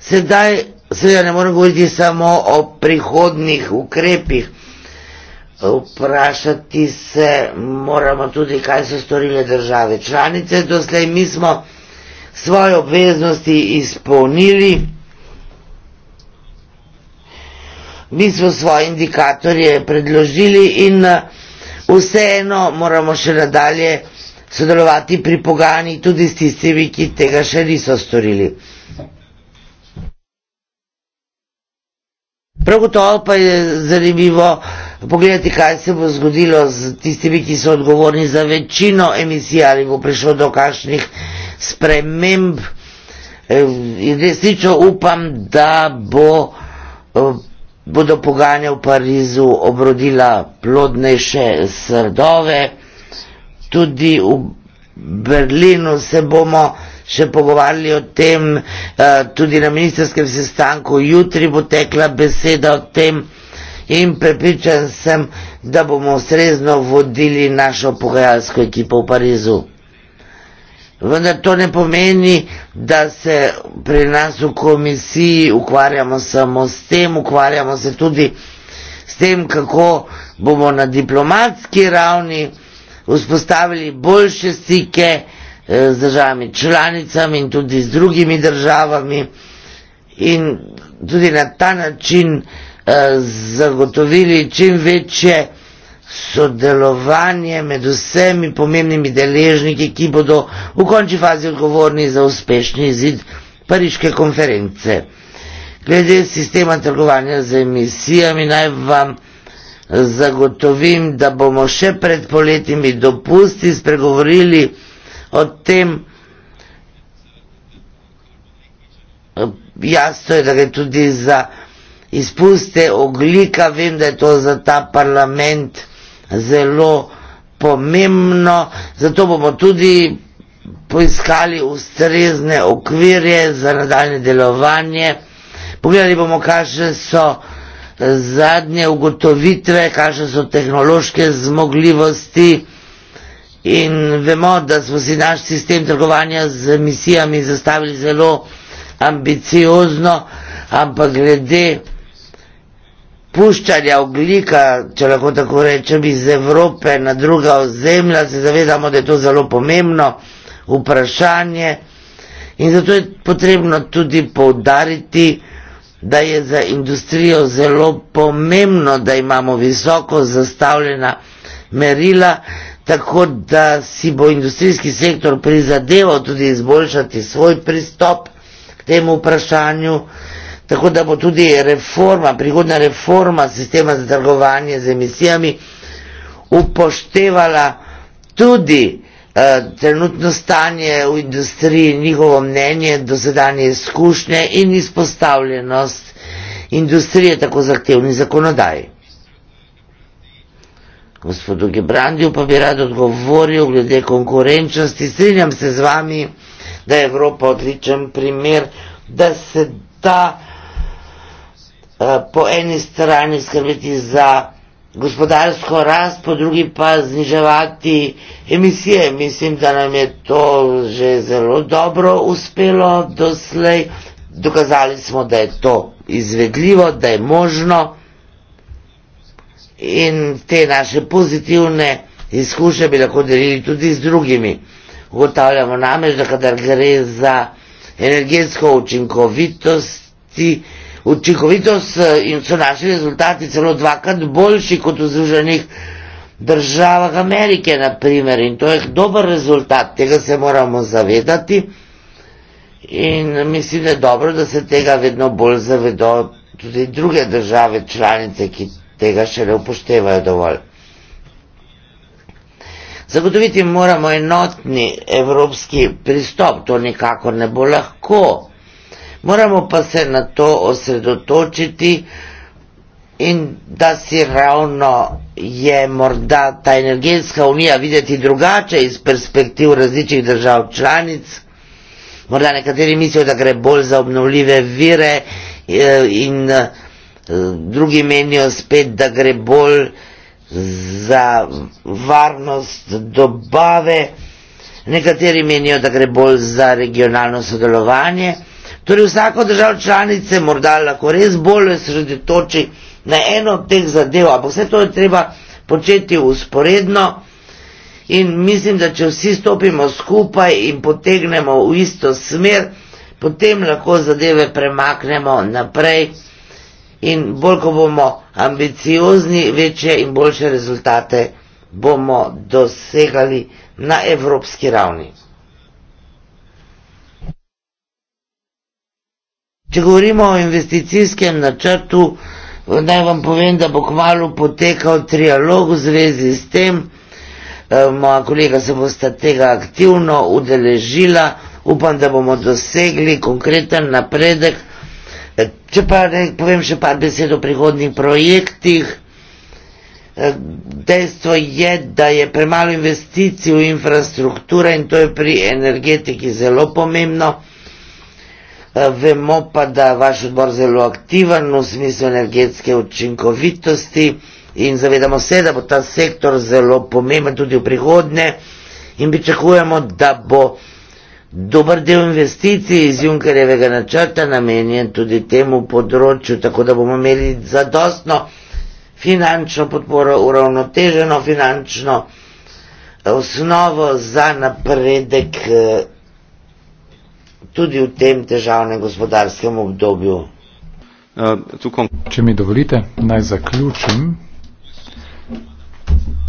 S4: Sedaj seveda ne moremo govoriti samo o prihodnih ukrepih. Vprašati se moramo tudi, kaj so storile države članice. Doslej mi smo svoje obveznosti izpolnili, mi smo svoje indikatorje predložili in eh, vseeno moramo še nadalje sodelovati pri pogajanjih tudi s tistimi, ki tega še niso storili. Prav gotovo pa je zanimivo pogledati, kaj se bo zgodilo z tistimi, ki so odgovorni za večino emisij, ali bo prišlo do kakšnih sprememb. E, in resnično upam, da bo, e, bodo pogajanja v Parizu obrodila plodnejše srdove tudi v Berlinu se bomo še pogovarjali o tem, eh, tudi na ministerskem sestanku jutri bo tekla beseda o tem in prepričan sem, da bomo srezno vodili našo pogajalsko ekipo v Parizu. Vendar to ne pomeni, da se pri nas v komisiji ukvarjamo samo s tem, ukvarjamo se tudi s tem, kako bomo na diplomatski ravni vzpostavili boljše stike eh, z državami članicami in tudi z drugimi državami in tudi na ta način eh, zagotovili čim večje sodelovanje med vsemi pomembnimi deležniki, ki bodo v končni fazi odgovorni za uspešni izid pariške konference. Glede sistema trgovanja z emisijami naj vam zagotovim, da bomo še pred poletnimi dopusti spregovorili o tem. Jasno je, da gre tudi za izpuste oglika, vem, da je to za ta parlament zelo pomembno, zato bomo tudi poiskali ustrezne okvirje za nadaljne delovanje. Pogledali bomo, kakšne so zadnje ugotovitve, kakšne so tehnološke zmogljivosti in vemo, da smo si naš sistem trgovanja z emisijami zastavili zelo ambiciozno, ampak glede puščanja oglika, če lahko tako rečem, iz Evrope na druga ozemlja, se zavedamo, da je to zelo pomembno vprašanje in zato je potrebno tudi poudariti, da je za industrijo zelo pomembno, da imamo visoko zastavljena merila, tako da si bo industrijski sektor prizadeval tudi izboljšati svoj pristop k temu vprašanju, tako da bo tudi reforma, prihodna reforma sistema za trgovanje z emisijami upoštevala tudi Eh, trenutno stanje v industriji, njihovo mnenje, dosedanje izkušnje in izpostavljenost industrije tako zahtevni zakonodaji. Gospodu Gebrandiju pa bi rad odgovoril glede konkurenčnosti. Strinjam se z vami, da je Evropa odličen primer, da se da uh, po eni strani skrbeti za gospodarsko rast, po drugi pa zniževati emisije. Mislim, da nam je to že zelo dobro uspelo doslej. Dokazali smo, da je to izvedljivo, da je možno in te naše pozitivne izkušnje bi lahko delili tudi z drugimi. Ugotavljamo namreč, da kadar gre za energetsko učinkovitosti, učinkovitost eh, in so naši rezultati celo dvakrat boljši kot v Združenih državah Amerike, naprimer. In to je dober rezultat, tega se moramo zavedati. In mislim, da je dobro, da se tega vedno bolj zavedo tudi druge države članice, ki tega še ne upoštevajo dovolj. Zagotoviti moramo enotni evropski pristop, to nikakor ne bo lahko. Moramo pa se na to osredotočiti in da si ravno je morda ta energetska unija videti drugače iz perspektiv različnih držav članic. Morda nekateri mislijo, da gre bolj za obnovljive vire eh, in eh, drugi menijo spet, da gre bolj za varnost dobave. Nekateri menijo, da gre bolj za regionalno sodelovanje. Torej vsako držav članice morda lahko res bolj osredotoči na eno od teh zadev, ampak vse to je treba početi usporedno in mislim, da če vsi stopimo skupaj in potegnemo v isto smer, potem lahko zadeve premaknemo naprej in bolj, ko bomo ambiciozni, večje in boljše rezultate bomo dosegali na evropski ravni. Če govorimo o investicijskem načrtu, naj vam povem, da bo kmalo potekal trialog v zvezi s tem. Eh, moja kolega se bosta tega aktivno udeležila, upam, da bomo dosegli konkreten napredek. Eh, če pa ne povem še par besed o prihodnih projektih, eh, dejstvo je, da je premalo investicij v infrastrukturo in to je pri energetiki zelo pomembno. Eh, vemo pa, da je vaš odbor zelo aktiven v smislu energetske učinkovitosti in zavedamo se, da bo ta sektor zelo pomemben tudi v prihodnje in pričakujemo, da bo dober del investicij iz Junkerjevega načrta namenjen tudi temu področju, tako da bomo imeli zadostno finančno podporo, uravnoteženo finančno eh, osnovo za napredek eh, tudi v tem težavnem gospodarskem obdobju.
S3: Eh, Če mi dovolite, naj zaključim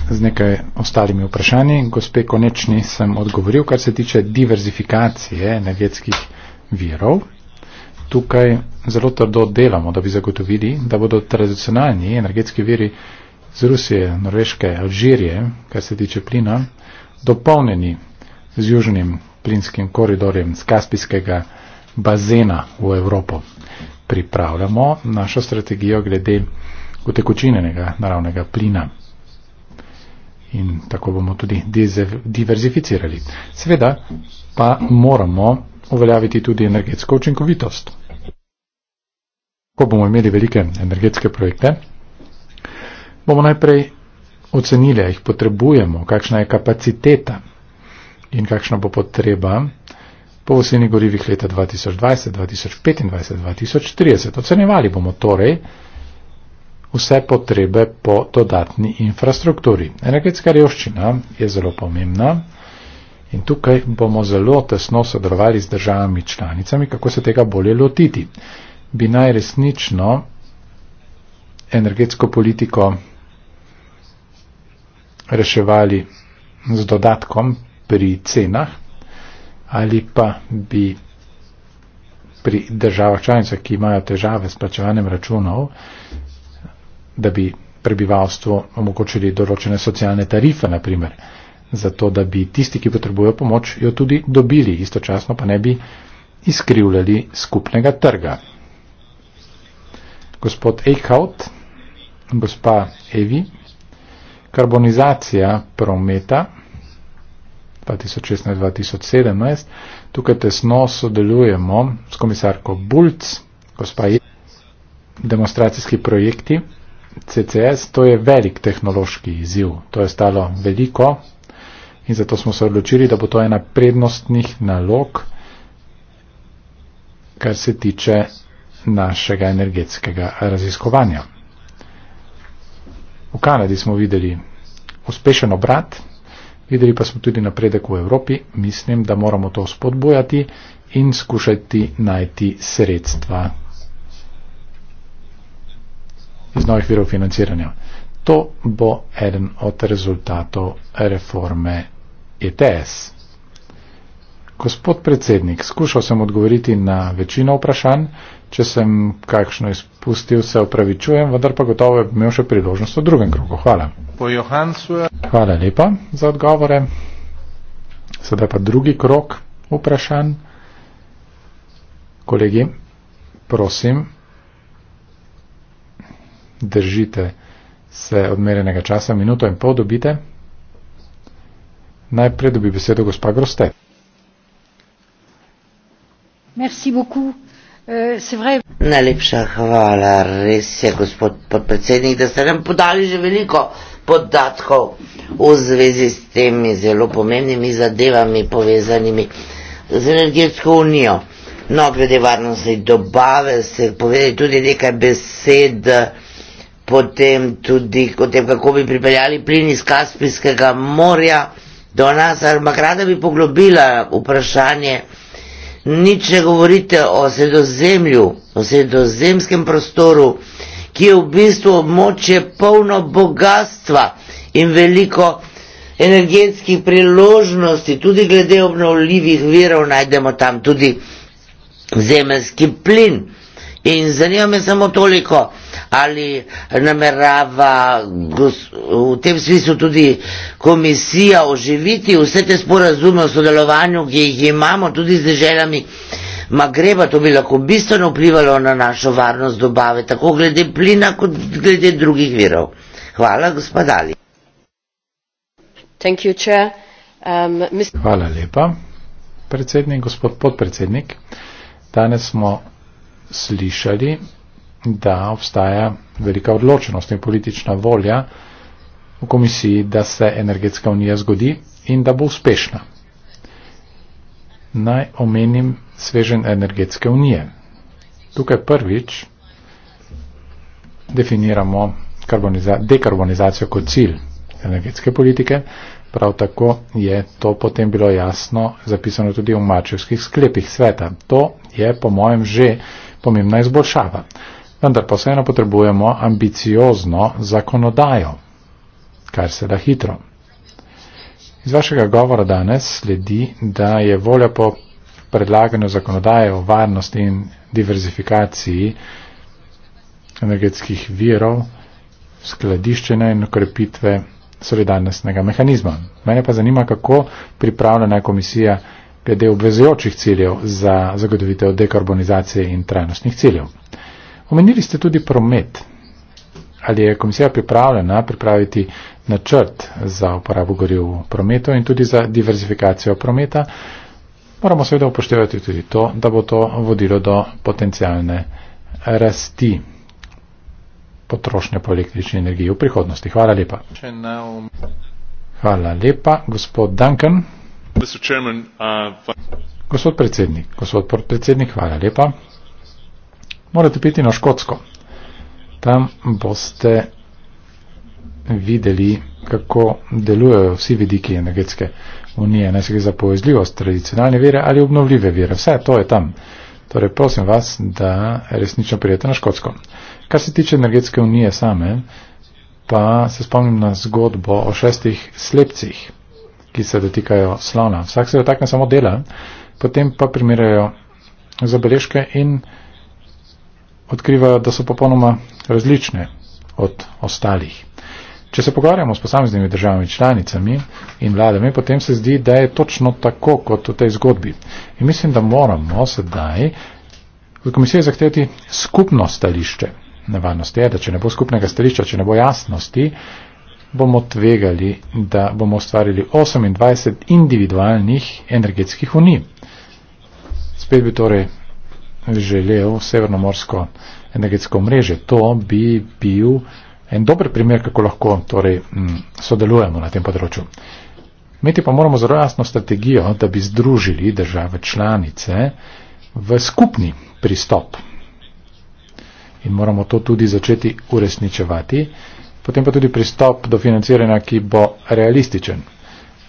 S3: z nekaj ostalimi vprašanji. Gospe Konečni sem odgovoril, kar se tiče diverzifikacije energetskih virov. Tukaj zelo trdo delamo, da bi zagotovili, da bodo tradicionalni energetski viri z Rusije, Norveške, Alžirije, kar se tiče plina, dopolneni z južnim plinskim koridorjem z Kaspijskega bazena v Evropo. Pripravljamo našo strategijo glede utekočinenega naravnega plina in tako bomo tudi diverzificirali. Seveda pa moramo uveljaviti tudi energetsko učinkovitost. Ko bomo imeli velike energetske projekte, bomo najprej ocenili, a jih potrebujemo, kakšna je kapaciteta in kakšna bo potreba po vseni gorivih leta 2020, 2025, 2030. Ocenjevali bomo torej vse potrebe po dodatni infrastrukturi. Energetska revščina je zelo pomembna in tukaj bomo zelo tesno sodelovali z državami članicami, kako se tega bolje lotiti. Bi naj resnično energetsko politiko reševali z dodatkom pri cenah ali pa bi pri državah članicah, ki imajo težave s plačevanjem računov, da bi prebivalstvo omogočili določene socialne tarife, naprimer, zato da bi tisti, ki potrebujejo pomoč, jo tudi dobili, istočasno pa ne bi izkrivljali skupnega trga. Gospod Eichhout, gospa Evi, karbonizacija prometa 2016-2017. Tukaj tesno sodelujemo s komisarko Bulc, gospa je demonstracijski projekti CCS, to je velik tehnološki izziv, to je stalo veliko in zato smo se odločili, da bo to ena prednostnih nalog, kar se tiče našega energetskega raziskovanja. V Kanadi smo videli uspešen obrat, Videli pa smo tudi napredek v Evropi, mislim, da moramo to spodbojati in skušati najti sredstva iz novih virov financiranja. To bo eden od rezultatov reforme ETS. Gospod predsednik, skušal sem odgovoriti na večino vprašanj, Če sem kakšno izpustil, se opravičujem, vendar pa gotovo je imel še priložnost v drugem krogu. Hvala.
S1: Hvala lepa
S3: za odgovore. Sedaj pa drugi krok vprašanj. Kolegi, prosim, držite se odmerenega časa, minuto in pol dobite. Najprej dobi besedo gospa Groste.
S2: Merci beaucoup. Eh,
S4: Najlepša hvala, res je, gospod podpredsednik, da ste nam podali že veliko podatkov v zvezi s temi zelo pomembnimi zadevami povezanimi z energetsko unijo. No, glede varnosti dobave ste povedali tudi nekaj besed, potem tudi o tem, kako bi pripeljali plin iz Kaspijskega morja do nas, ali makrada bi poglobila vprašanje nič ne govorite o sredozemlju, o sredozemskem prostoru, ki je v bistvu območje polno bogatstva in veliko energetskih priložnosti, tudi glede obnovljivih virov najdemo tam tudi zemeljski plin. In zanima me samo toliko, ali namerava v tem smislu tudi komisija oživiti vse te sporazume o sodelovanju, ki jih imamo tudi z državami Magreba, to bi lahko bistveno vplivalo na našo varnost dobave, tako glede plina kot glede drugih virov. Hvala, gospodali.
S2: Um,
S3: Hvala lepa, predsednik, gospod podpredsednik. Danes smo slišali da obstaja velika odločenost in politična volja v komisiji, da se energetska unija zgodi in da bo uspešna. Naj omenim svežen energetske unije. Tukaj prvič definiramo dekarbonizacijo kot cilj energetske politike, prav tako je to potem bilo jasno zapisano tudi v mačevskih sklepih sveta. To je po mojem že pomembna izboljšava vendar pa vseeno potrebujemo ambiciozno zakonodajo, kar se da hitro. Iz vašega govora danes sledi, da je volja po predlaganju zakonodaje o varnosti in diverzifikaciji energetskih virov, skladiščenja in okrepitve solidarnostnega mehanizma. Mene pa zanima, kako pripravljena je komisija glede obvezujočih ciljev za zagotovitev dekarbonizacije in trajnostnih ciljev. Omenili ste tudi promet. Ali je komisija pripravljena pripraviti načrt za uporabo goriv v prometu in tudi za diverzifikacijo prometa? Moramo seveda upoštevati tudi to, da bo to vodilo do potencijalne rasti potrošnje po električni energiji v prihodnosti. Hvala lepa. Hvala lepa, gospod Duncan. Uh, gospod predsednik, gospod predsednik, hvala lepa morate piti na Škotsko. Tam boste videli, kako delujejo vsi vidiki energetske unije, ne se gre za povezljivost tradicionalne vere ali obnovljive vere. Vse to je tam. Torej, prosim vas, da resnično prijete na Škotsko. Kar se tiče energetske unije same, pa se spomnim na zgodbo o šestih slepcih, ki se dotikajo slona. Vsak se dotakne samo dela, potem pa primerjajo zabeležke in odkrivajo, da so popolnoma različne od ostalih. Če se pogovarjamo s posameznimi državami članicami in vladami, potem se zdi, da je točno tako kot v tej zgodbi. In mislim, da moramo sedaj v komisiji zahtevati skupno stališče. Nevarnost je, da če ne bo skupnega stališča, če ne bo jasnosti, bomo tvegali, da bomo ustvarili 28 individualnih energetskih unij. Spet bi torej želel severnomorsko energetsko mreže. To bi bil en dober primer, kako lahko torej, mm, sodelujemo na tem področju. Imeti pa moramo zelo jasno strategijo, da bi združili države članice v skupni pristop. In moramo to tudi začeti uresničevati, potem pa tudi pristop do financiranja, ki bo realističen.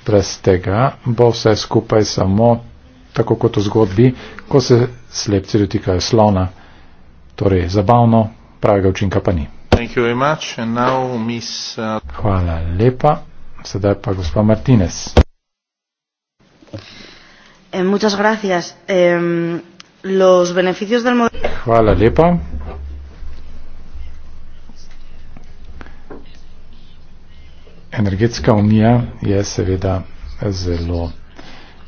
S3: Brez tega bo vse skupaj samo tako kot v zgodbi, ko se slepci dotikajo slona. Torej, zabavno, pravega učinka pa ni. Uh, Hvala lepa. Sedaj pa gospod Martinez. Eh, Hvala lepa. Energetska unija je seveda zelo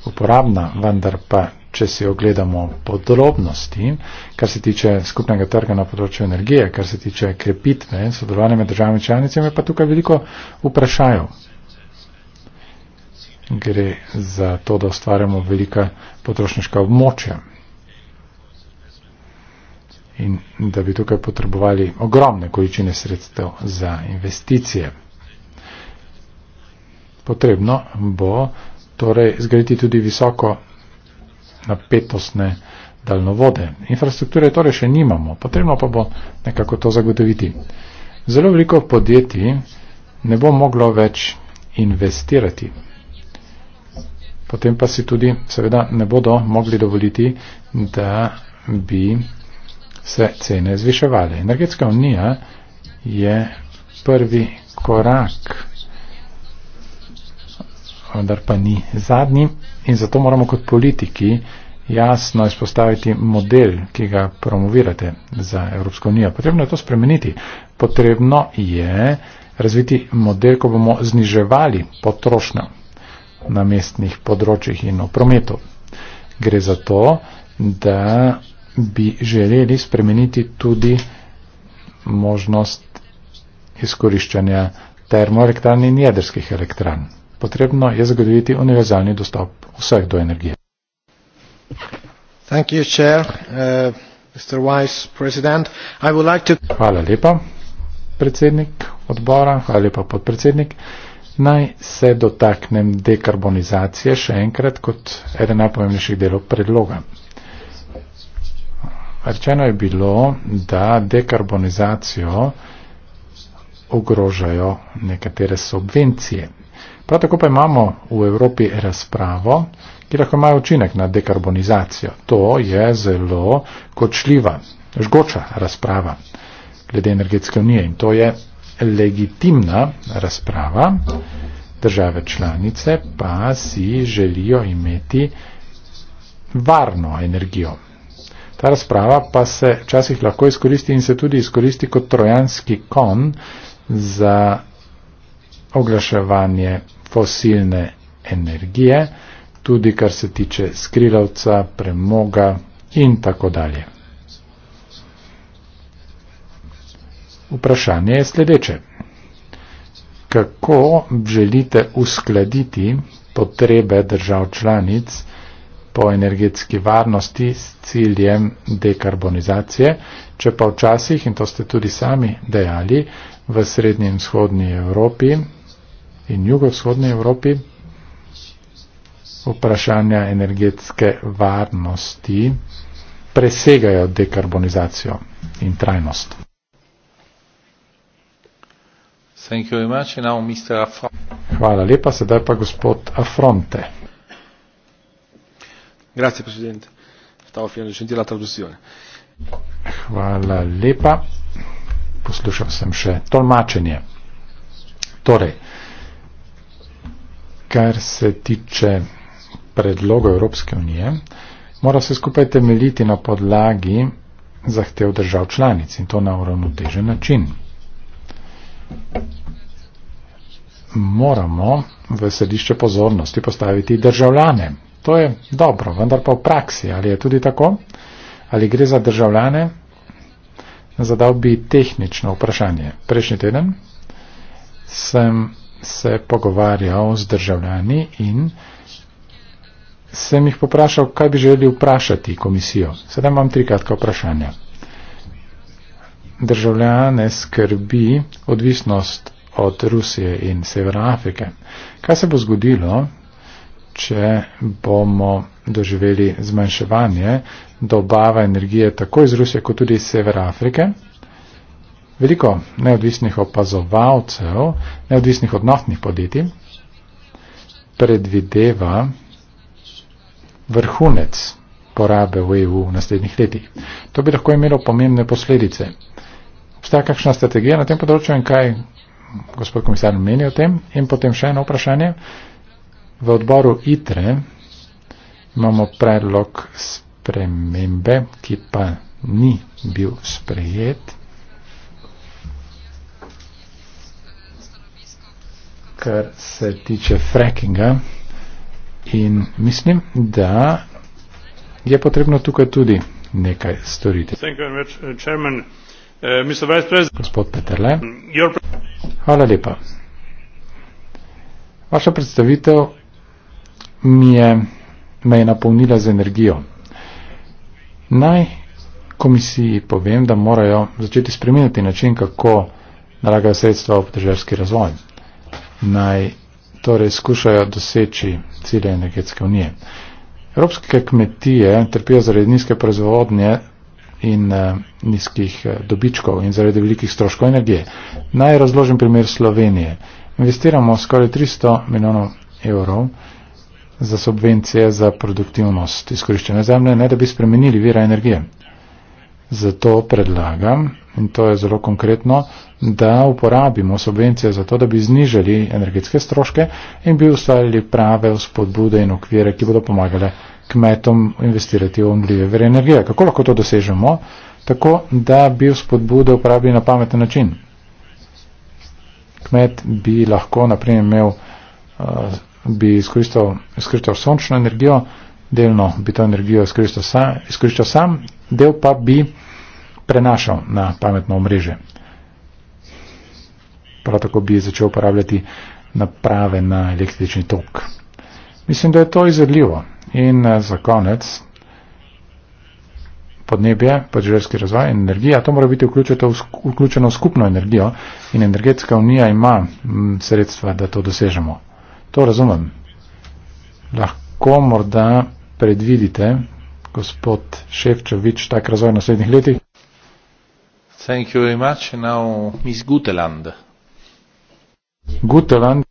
S3: uporabna, vendar pa če si ogledamo podrobnosti, kar se tiče skupnega trga na področju energije, kar se tiče krepitve sodelovanja med državami članicami, pa tukaj veliko vprašajo. Gre za to, da ustvarjamo velika potrošniška območja in da bi tukaj potrebovali ogromne količine sredstev za investicije. Potrebno bo torej zgraditi tudi visoko napetostne daljnovode. Infrastrukture torej še nimamo, potrebno pa bo nekako to zagotoviti. Zelo veliko podjetij ne bo moglo več investirati. Potem pa si tudi seveda ne bodo mogli dovoliti, da bi se cene zviševali. Energetska unija je prvi korak vendar pa ni zadnji in zato moramo kot politiki jasno izpostaviti model, ki ga promovirate za Evropsko unijo. Potrebno je to spremeniti. Potrebno je razviti model, ko bomo zniževali potrošnjo na mestnih področjih in v prometu. Gre za to, da bi želeli spremeniti tudi možnost izkoriščanja termoelektran in jedrskih elektran potrebno je zagotoviti univerzalni dostop vseh do energije. Thank you, chair, uh, Mr. Vice President. I would like to... Hvala lepa, predsednik odbora, hvala lepa, podpredsednik. Naj se dotaknem dekarbonizacije še enkrat kot eden najpomembnejših delov predloga. Rečeno je bilo, da dekarbonizacijo ogrožajo nekatere subvencije. Prav tako pa imamo v Evropi razpravo, ki lahko ima učinek na dekarbonizacijo. To je zelo kočljiva, žgoča razprava glede energetske unije in to je legitimna razprava. Države članice pa si želijo imeti varno energijo. Ta razprava pa se včasih lahko izkoristi in se tudi izkoristi kot trojanski kon za oglaševanje fosilne energije, tudi kar se tiče skrilavca, premoga in tako dalje. Vprašanje je sledeče. Kako želite uskladiti potrebe držav članic po energetski varnosti s ciljem dekarbonizacije, če pa včasih, in to ste tudi sami dejali, v srednji in vzhodni Evropi in jugovzhodni Evropi vprašanja energetske varnosti presegajo dekarbonizacijo in trajnost.
S1: Thank you very much. Now, Mr.
S3: Hvala lepa, sedaj pa gospod Afronte. Grazie, Hvala lepa poslušal sem še tolmačenje. Torej, kar se tiče predloga Evropske unije, mora se skupaj temeljiti na podlagi zahtev držav članic in to na uravnotežen način. Moramo v središče pozornosti postaviti državljane. To je dobro, vendar pa v praksi, ali je tudi tako, ali gre za državljane, zadal bi tehnično vprašanje. Prejšnji teden sem se pogovarjal z državljani in sem jih poprašal, kaj bi želeli vprašati komisijo. Sedaj imam tri kratka vprašanja. Državljane skrbi odvisnost od Rusije in Severne Afrike. Kaj se bo zgodilo, če bomo doživeli zmanjševanje dobava energije tako iz Rusije, kot tudi iz Severa Afrike. Veliko neodvisnih opazovalcev, neodvisnih od naftnih podjetij predvideva vrhunec porabe v EU v naslednjih letih. To bi lahko imelo pomembne posledice. Obstaja kakšna strategija na tem področju in kaj gospod komisar meni o tem? In potem še eno vprašanje. V odboru ITRE imamo predlog spremembe, ki pa ni bil sprejet. kar se tiče frackinga in mislim, da je potrebno tukaj tudi nekaj storiti. Uh, uh, Gospod Peterle, hvala lepa. Vaša predstavitev mi je, me je napolnila z energijo. Naj komisiji povem, da morajo začeti spremenjati način, kako nalagajo sredstva v državski razvoj. Naj torej skušajo doseči cilje energetske unije. Evropske kmetije trpijo zaradi nizke proizvodnje in uh, nizkih uh, dobičkov in zaradi velikih stroškov energije. Naj razložim primer Slovenije. Investiramo skoraj 300 milijonov evrov uh, za subvencije za produktivnost izkoriščene zemlje, ne da bi spremenili vira energije. Zato predlagam, in to je zelo konkretno, da uporabimo subvencije za to, da bi znižali energetske stroške in bi ustvarili prave spodbude in okvire, ki bodo pomagale kmetom investirati v omljive vire energije. Kako lahko to dosežemo? Tako, da bi spodbude uporabili na pameten način. Kmet bi lahko, naprimer, imel uh, bi izkoristil, izkoristil sončno energijo, delno bi to energijo izkoristil sam, izkoristil sam, del pa bi prenašal na pametno omrežje. Prav tako bi začel uporabljati naprave na električni tok. Mislim, da je to izvedljivo. In eh, za konec podnebje, podželjski razvoj in energija, to mora biti vključeno v skupno energijo in energetska unija ima mm, sredstva, da to dosežemo. To razumem. Lahko morda predvidite, gospod Ševčevič, tak razvoj v naslednjih letih.
S1: Thank you very much. Now, Miss Guteland.
S3: Guteland.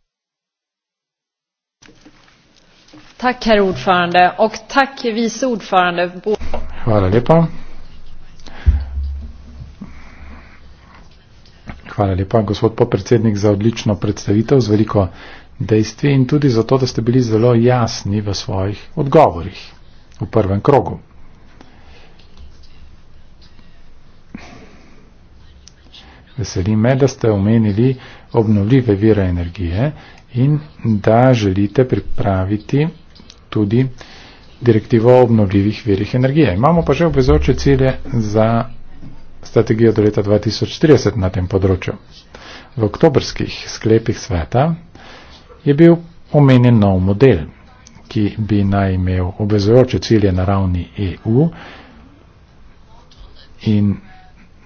S2: Tack, herr ordförande. Och tack, vice ordförande.
S3: Hvala lepa. Hvala lepa, gospod podpredsednik, za odlično predstavitev z veliko dejstvi in tudi zato, da ste bili zelo jasni v svojih odgovorih v prvem krogu. Veselim me, da ste omenili obnovljive vire energije in da želite pripraviti tudi direktivo o obnovljivih virih energije. Imamo pa že obvezoče cilje za strategijo do leta 2030 na tem področju. V oktobrskih sklepih sveta je bil omenjen nov model, ki bi naj imel obvezujoče cilje na ravni EU in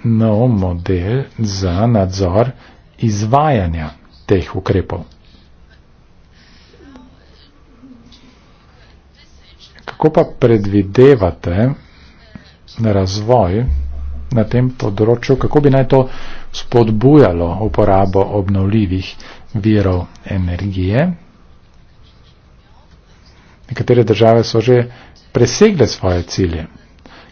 S3: nov model za nadzor izvajanja teh ukrepov. Kako pa predvidevate razvoj na tem področju, kako bi naj to spodbujalo uporabo obnovljivih virov energije. Nekatere države so že presegle svoje cilje.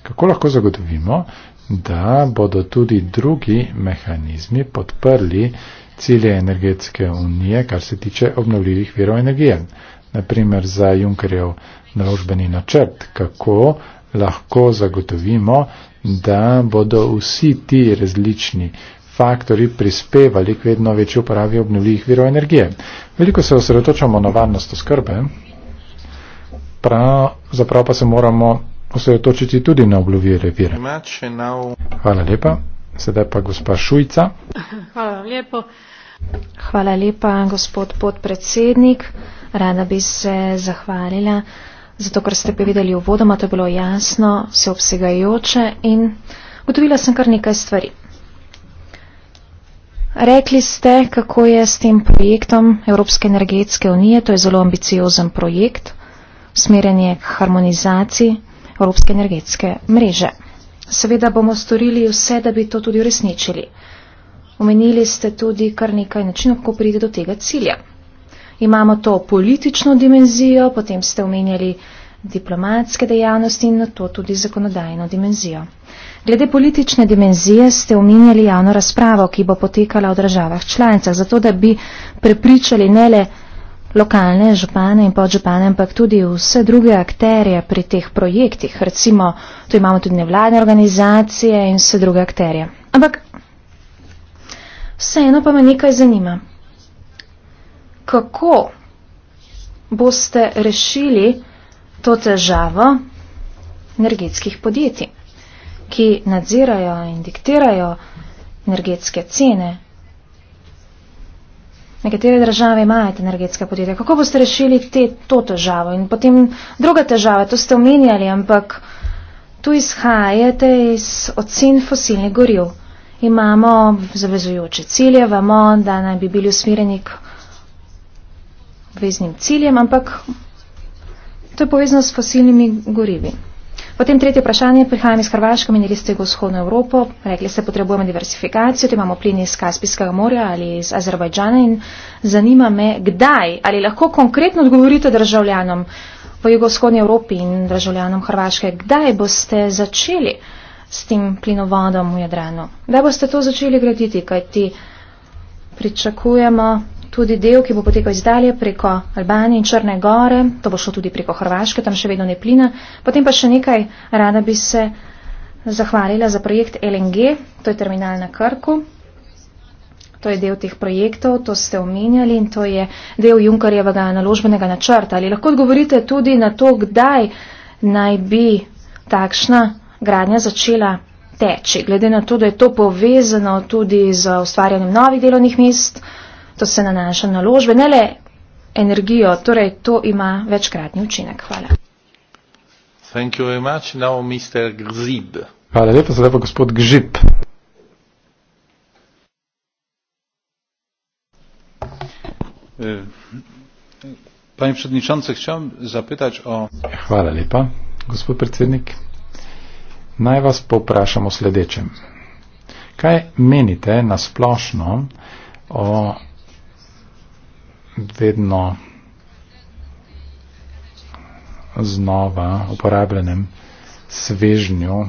S3: Kako lahko zagotovimo, da bodo tudi drugi mehanizmi podprli cilje energetske unije, kar se tiče obnovljivih virov energije? Naprimer za Junkerjev naložbeni načrt, kako lahko zagotovimo, da bodo vsi ti različni faktori prispevali k vedno večji uporabi obnovljivih virov energije. Veliko se osredotočamo na varnost oskrbe, pravzaprav pa se moramo osredotočiti tudi na obnovljive vire. Hvala lepa. Sedaj pa gospa Šujca.
S2: Hvala lepo. Hvala lepa, gospod podpredsednik. Rada bi se zahvalila, zato ker ste povedali uvodoma, to je bilo jasno, vse obsegajoče in gotovila sem kar nekaj stvari. Rekli ste, kako je s tem projektom Evropske energetske unije, to je zelo ambiciozen projekt, smeren je k harmonizaciji Evropske energetske mreže. Seveda bomo storili vse, da bi to tudi uresničili. Omenili ste tudi kar nekaj načinov, kako pride do tega cilja. Imamo to politično dimenzijo, potem ste omenjali diplomatske dejavnosti in na to tudi zakonodajno dimenzijo. Glede politične dimenzije ste omenjali javno razpravo, ki bo potekala v državah članicah, zato da bi prepričali ne le lokalne župane in podžupane, ampak tudi vse druge akterje pri teh projektih. Recimo, tu imamo tudi nevladne organizacije in vse druge akterje. Ampak vseeno pa me nekaj zanima. Kako boste rešili to težavo energetskih podjetij? ki nadzirajo in diktirajo energetske cene. Nekatere države imajo energetska podjetja. Kako boste rešili te, to težavo? In potem druga težava, to ste omenjali, ampak tu izhajate iz ocen fosilnih goriv. Imamo zavezujoče cilje, vemo, da naj bi bili usmireni k veznim ciljem, ampak to je povezano s fosilnimi gorivi. Potem tretje vprašanje, prihajam iz Hrvaške, menili ste ga vzhodno Evropo, rekli ste, potrebujemo diversifikacijo, tu imamo plin iz Kaspijskega morja ali iz Azerbajdžana in zanima me, kdaj ali lahko konkretno odgovorite državljanom po jugovzhodni Evropi in državljanom Hrvaške, kdaj boste začeli s tem plinovodom v Jadranu, kdaj boste to začeli graditi, kaj ti pričakujemo tudi del, ki bo potekal izdalje preko Albanije in Črne gore, to bo šlo tudi preko Hrvaške, tam še vedno ne plina. Potem pa še nekaj, rada bi se zahvalila za projekt LNG, to je terminal na Krku. To je del teh projektov, to ste omenjali in to je del Junkarjevega naložbenega načrta. Ali lahko odgovorite tudi na to, kdaj naj bi takšna gradnja začela teči, glede na to, da je to povezano tudi z ustvarjanjem novih delovnih mest? To se nanaša na ložbe, ne le energijo, torej to ima večkratni učinek. Hvala.
S1: Thank you very much. Now Mr. Gzib.
S3: Hvala lepa, zdaj pa gospod Gžib.
S1: E, panie Przewodniczący, chciałem zapytać o...
S3: Chwała lepa, gospod predsednik. Naj vas popraszam o sledeczem. Kaj menite na splošno o vedno znova uporabljenem svežnju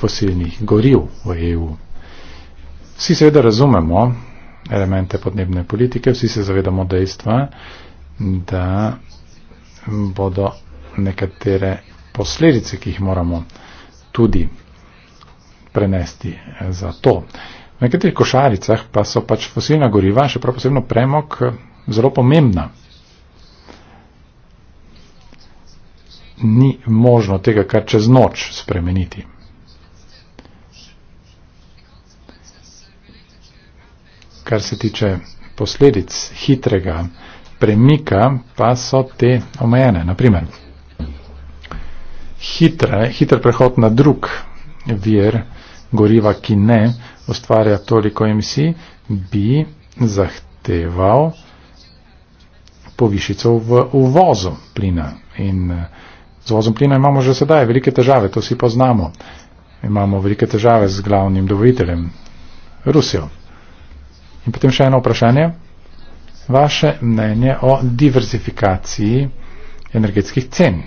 S3: fosilnih goriv v EU. Vsi seveda razumemo elemente podnebne politike, vsi se zavedamo dejstva, da bodo nekatere posledice, ki jih moramo tudi prenesti za to. V nekaterih košaricah pa so pač fosilna goriva, še prav posebno premog, zelo pomembna. Ni možno tega kar čez noč spremeniti. Kar se tiče posledic hitrega premika, pa so te omejene. Naprimer, hitre, hiter prehod na drug vir goriva, ki ne ustvarja toliko emisij, bi zahteval povišico v uvozu plina. In eh, z uvozom plina imamo že sedaj velike težave, to vsi poznamo. Imamo velike težave z glavnim dovoditeljem, Rusijo. In potem še eno vprašanje. Vaše mnenje o diversifikaciji energetskih cen.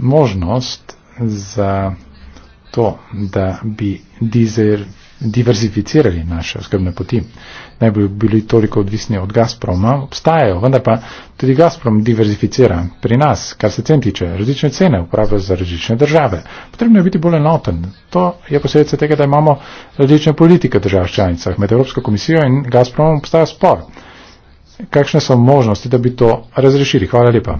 S3: možnost za to, da bi dizer, diverzificirali naše skrbne poti. Ne bi bili toliko odvisni od Gazproma, obstajajo, vendar pa tudi Gazprom diverzificira pri nas, kar se cen tiče, različne cene uporabe za različne države. Potrebno je biti bolj enoten. To je posledica tega, da imamo različne politike v državah članicah. Med Evropsko komisijo in Gazpromom obstaja spor. Kakšne so možnosti, da bi to razrešili? Hvala lepa.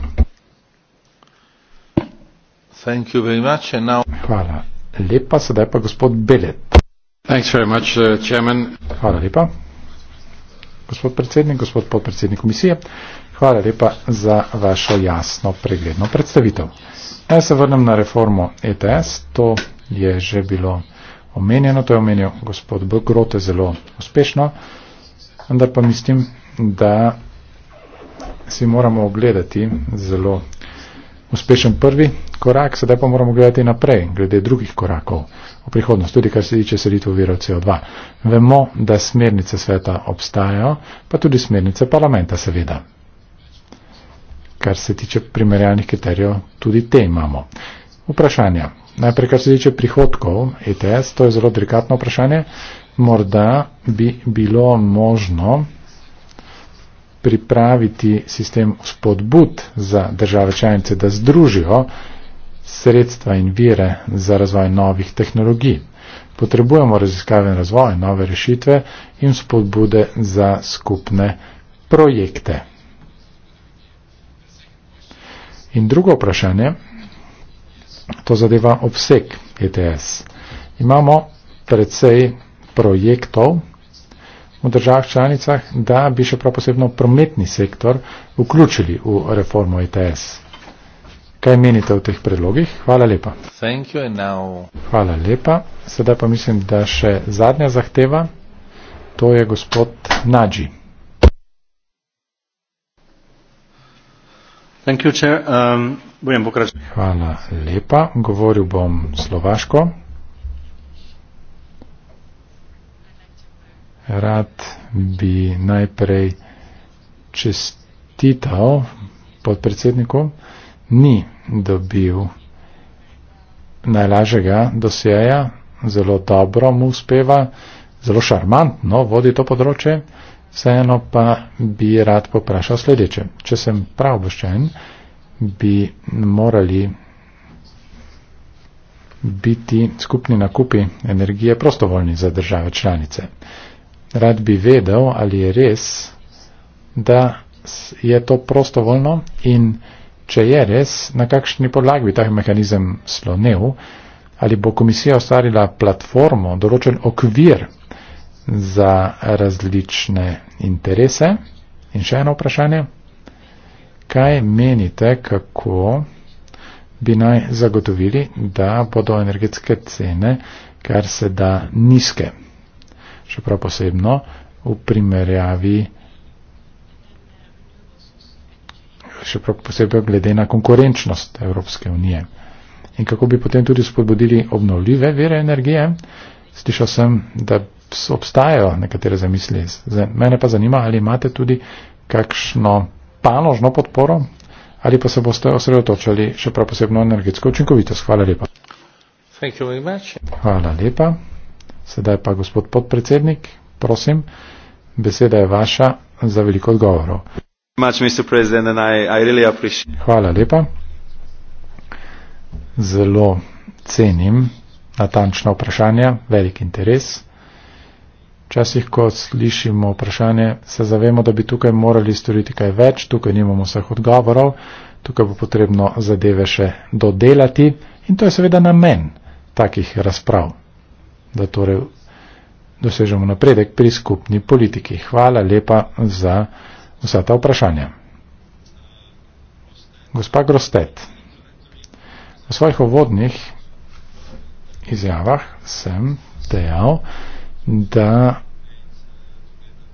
S1: Thank you very much and now...
S3: Hvala lepa, sedaj pa gospod Belet. Very much, uh, hvala lepa, gospod predsednik, gospod podpredsednik komisije. Hvala lepa za vašo jasno pregledno predstavitev. Naj se vrnem na reformo ETS, to je že bilo omenjeno, to je omenil gospod B. Grote zelo uspešno, vendar pa mislim, da si moramo ogledati zelo uspešen prvi korak, sedaj pa moramo gledati naprej, glede drugih korakov v prihodnost, tudi kar se tiče selitve virov CO2. Vemo, da smernice sveta obstajajo, pa tudi smernice parlamenta, seveda. Kar se tiče primerjalnih kriterijev, tudi te imamo. Vprašanja. Najprej, kar se tiče prihodkov ETS, to je zelo delikatno vprašanje. Morda bi bilo možno pripraviti sistem spodbud za države članice, da združijo sredstva in vire za razvoj novih tehnologij. Potrebujemo raziskave in razvoj, nove rešitve in spodbude za skupne projekte. In drugo vprašanje, to zadeva obseg ETS. Imamo precej projektov, v državah članicah, da bi še prav posebno prometni sektor vključili v reformo ETS. Kaj menite o teh predlogih? Hvala lepa. Hvala lepa. Sedaj pa mislim, da še zadnja zahteva, to je gospod Nađi. Um, Hvala lepa. Govoril bom slovaško. rad bi najprej čestital podpredsedniku. Ni dobil najlažjega dosjeja, zelo dobro mu uspeva, zelo šarmantno vodi to področje, vseeno pa bi rad poprašal sledeče. Če sem prav obveščen, bi morali biti skupni nakupi energije prostovoljni za države članice rad bi vedel, ali je res, da je to prostovoljno in če je res, na kakšni podlagi bi ta mehanizem slonev, ali bo komisija ustvarila platformo, določen okvir za različne interese. In še eno vprašanje. Kaj menite, kako bi naj zagotovili, da bodo energetske cene kar se da nizke? še prav posebno v primerjavi, še prav posebej glede na konkurenčnost Evropske unije. In kako bi potem tudi spodbudili obnovljive vire energije? Slišal sem, da obstajajo nekatere zamisli. Mene pa zanima, ali imate tudi kakšno panožno podporo ali pa se boste osredotočali še prav posebno energetsko učinkovitost. Hvala lepa. Hvala lepa. Sedaj pa gospod podpredsednik, prosim, beseda je vaša za veliko odgovorov. Hvala lepa. Zelo cenim natančna vprašanja, velik interes. Včasih, ko slišimo vprašanje, se zavemo, da bi tukaj morali storiti kaj več, tukaj nimamo vseh odgovorov, tukaj bo potrebno zadeve še dodelati in to je seveda namen takih razprav da torej dosežemo napredek pri skupni politiki. Hvala lepa za vsa ta vprašanja. Gospa Grostet, v svojih uvodnih izjavah sem dejal, da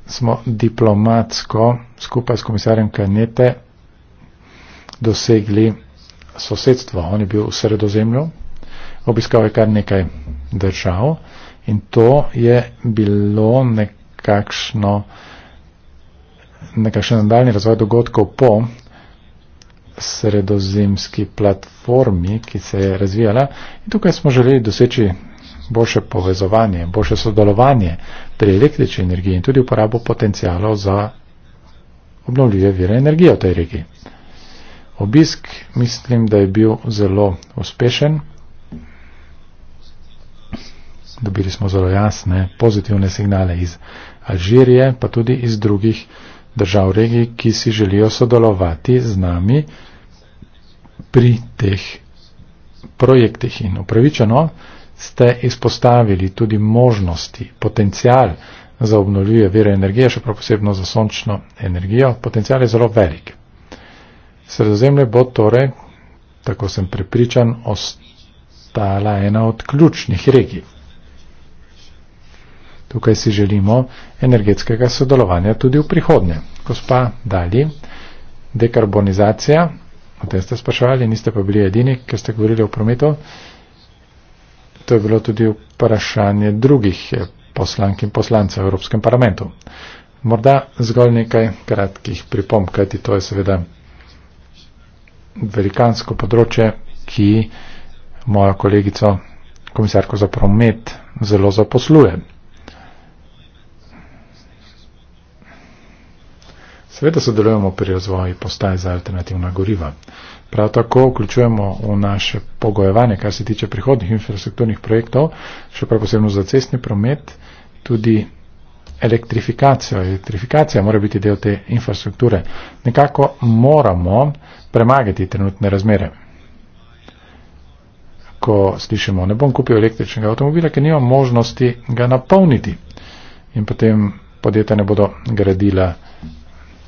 S3: smo diplomatsko skupaj s komisarjem Kanete dosegli sosedstvo. On je bil v sredozemlju, obiskal je kar nekaj držav in to je bilo nekakšno nekakšen nadaljni razvoj dogodkov po sredozimski platformi, ki se je razvijala in tukaj smo želeli doseči boljše povezovanje, boljše sodelovanje pri električni energiji in tudi uporabo potencijalov za obnovljive vire energije v tej regiji. Obisk mislim, da je bil zelo uspešen dobili smo zelo jasne pozitivne signale iz Alžirije, pa tudi iz drugih držav regij, ki si želijo sodelovati z nami pri teh projektih. In upravičeno ste izpostavili tudi možnosti, potencial za obnovljive vire energije, še prav posebno za sončno energijo. Potencial je zelo velik. Sredozemlje bo torej, tako sem prepričan, ostala ena od ključnih regij. Tukaj si želimo energetskega sodelovanja tudi v prihodnje. Gospa Dali, dekarbonizacija, o tem ste spraševali, niste pa bili edini, ker ste govorili o prometu. To je bilo tudi vprašanje drugih eh, poslank in poslancev v Evropskem parlamentu. Morda zgolj nekaj kratkih pripomb, kajti to je seveda velikansko področje, ki mojo kolegico komisarko za promet zelo zaposluje. Seveda sodelujemo pri razvoju postaj za alternativna goriva. Prav tako vključujemo v naše pogojevanje, kar se tiče prihodnih infrastrukturnih projektov, še prav posebno za cestni promet, tudi elektrifikacijo. Elektrifikacija mora biti del te infrastrukture. Nekako moramo premagati trenutne razmere. Ko slišimo, ne bom kupil električnega avtomobila, ker nimam možnosti ga napolniti. In potem podjetja ne bodo gradila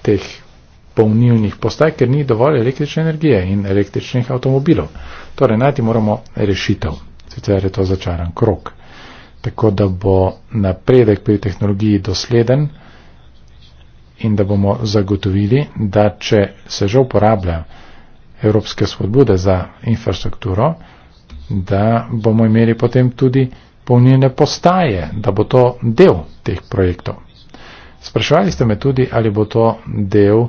S3: teh polnilnih postaj, ker ni dovolj električne energije in električnih avtomobilov. Torej, najti moramo rešitev, sicer je to začaran krok. Tako da bo napredek pri tehnologiji dosleden in da bomo zagotovili, da če se že uporablja evropske spodbude za infrastrukturo, da bomo imeli potem tudi polnilne postaje, da bo to del teh projektov. Sprašvali ste me tudi, ali bo to del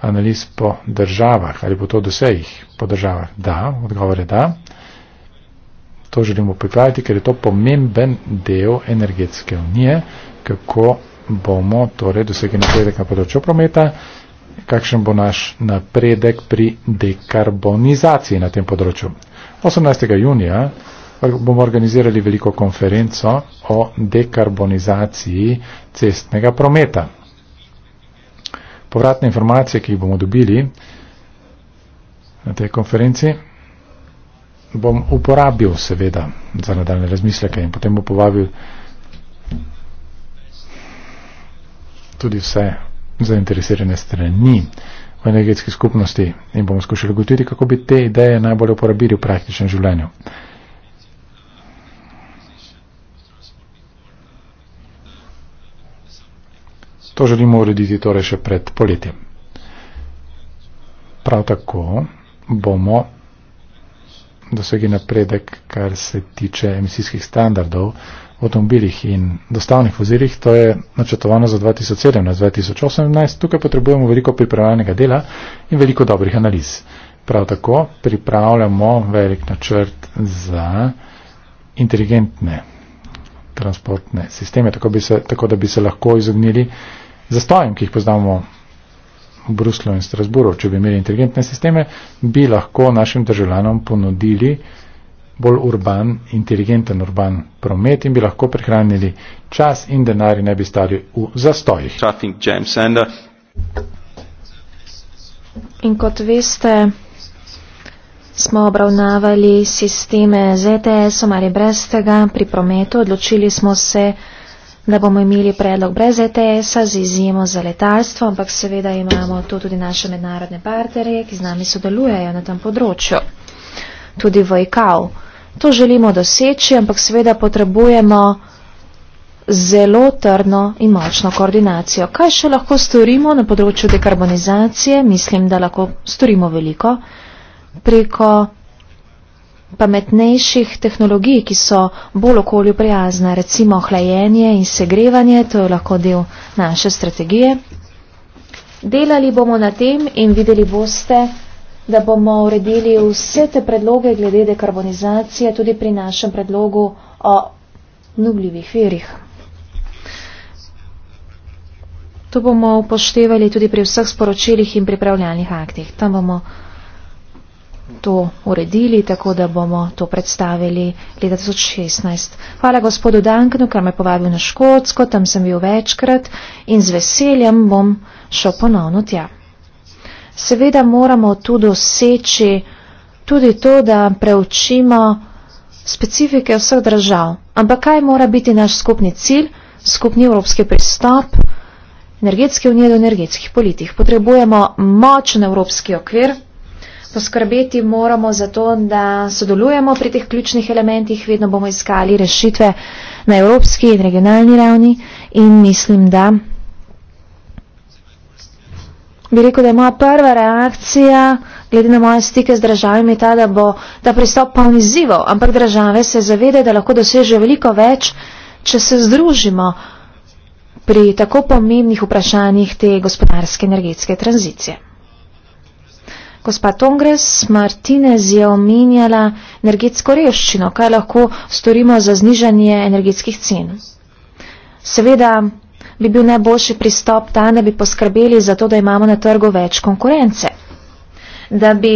S3: analiz po državah, ali bo to dosejih po državah. Da, odgovor je da. To želimo pripraviti, ker je to pomemben del energetske unije, kako bomo torej dosegli napredek na področju prometa, kakšen bo naš napredek pri dekarbonizaciji na tem področju. 18. junija bomo organizirali veliko konferenco o dekarbonizaciji cestnega prometa. Povratne informacije, ki jih bomo dobili na tej konferenci, bom uporabil seveda za nadaljne razmisleke in potem bo povabil tudi vse zainteresirane strani v energetski skupnosti in bomo skušali gotiti, kako bi te ideje najbolje uporabili v praktičnem življenju. To želimo urediti torej še pred poletjem. Prav tako bomo dosegli napredek, kar se tiče emisijskih standardov v avtomobilih in dostavnih vozilih. To je načrtovano za 2017-2018. Tukaj potrebujemo veliko pripravljenega dela in veliko dobrih analiz. Prav tako pripravljamo velik načrt za inteligentne transportne sisteme, tako, bi se, tako da bi se lahko izognili zastojem, ki jih poznamo v Bruslu in Strasburu, če bi imeli inteligentne sisteme, bi lahko našim državljanom ponudili bolj urban, inteligenten urban promet in bi lahko prihranili čas in denar in ne bi stali v zastojih.
S2: In kot veste, smo obravnavali sisteme ZTS-om ali brez tega pri prometu. Odločili smo se, da bomo imeli predlog brez ETS-a z izjemo za letalstvo, ampak seveda imamo tu tudi naše mednarodne partnerje, ki z nami sodelujejo na tem področju. Tudi v ICAO. To želimo doseči, ampak seveda potrebujemo zelo trdno in močno koordinacijo. Kaj še lahko storimo na področju dekarbonizacije? Mislim, da lahko storimo veliko preko pametnejših tehnologij, ki so bolj okolju prijazne, recimo hlajenje in segrevanje, to je lahko del naše strategije. Delali bomo na tem in videli boste, da bomo uredili vse te predloge glede dekarbonizacije tudi pri našem predlogu o nubljivih verjih. To bomo upoštevali tudi pri vseh sporočilih in pripravljalnih aktih. Tam bomo to uredili, tako da bomo to predstavili leta 2016. Hvala gospodu Danknu, kar me je povabil na Škotsko, tam sem bil večkrat in z veseljem bom šel ponovno tja. Seveda moramo tu doseči tudi to, da preučimo specifike vseh držav. Ampak kaj mora biti naš skupni cilj, skupni evropski pristop energetske unije do energetskih politik? Potrebujemo močen evropski okvir poskrbeti moramo za to, da sodelujemo pri teh ključnih elementih, vedno bomo iskali rešitve na evropski in regionalni ravni in mislim, da bi rekel, da je moja prva reakcija glede na moje stike z državami ta, da bo ta pristop poln izzivov, ampak države se zavedajo, da lahko dosežejo veliko več, če se združimo pri tako pomembnih vprašanjih te gospodarske energetske tranzicije. Gospa Tongres Martinez je omenjala energetsko reščino, kaj lahko storimo za znižanje energetskih cen. Seveda bi bil najboljši pristop ta, da bi poskrbeli za to, da imamo na trgu več konkurence, da bi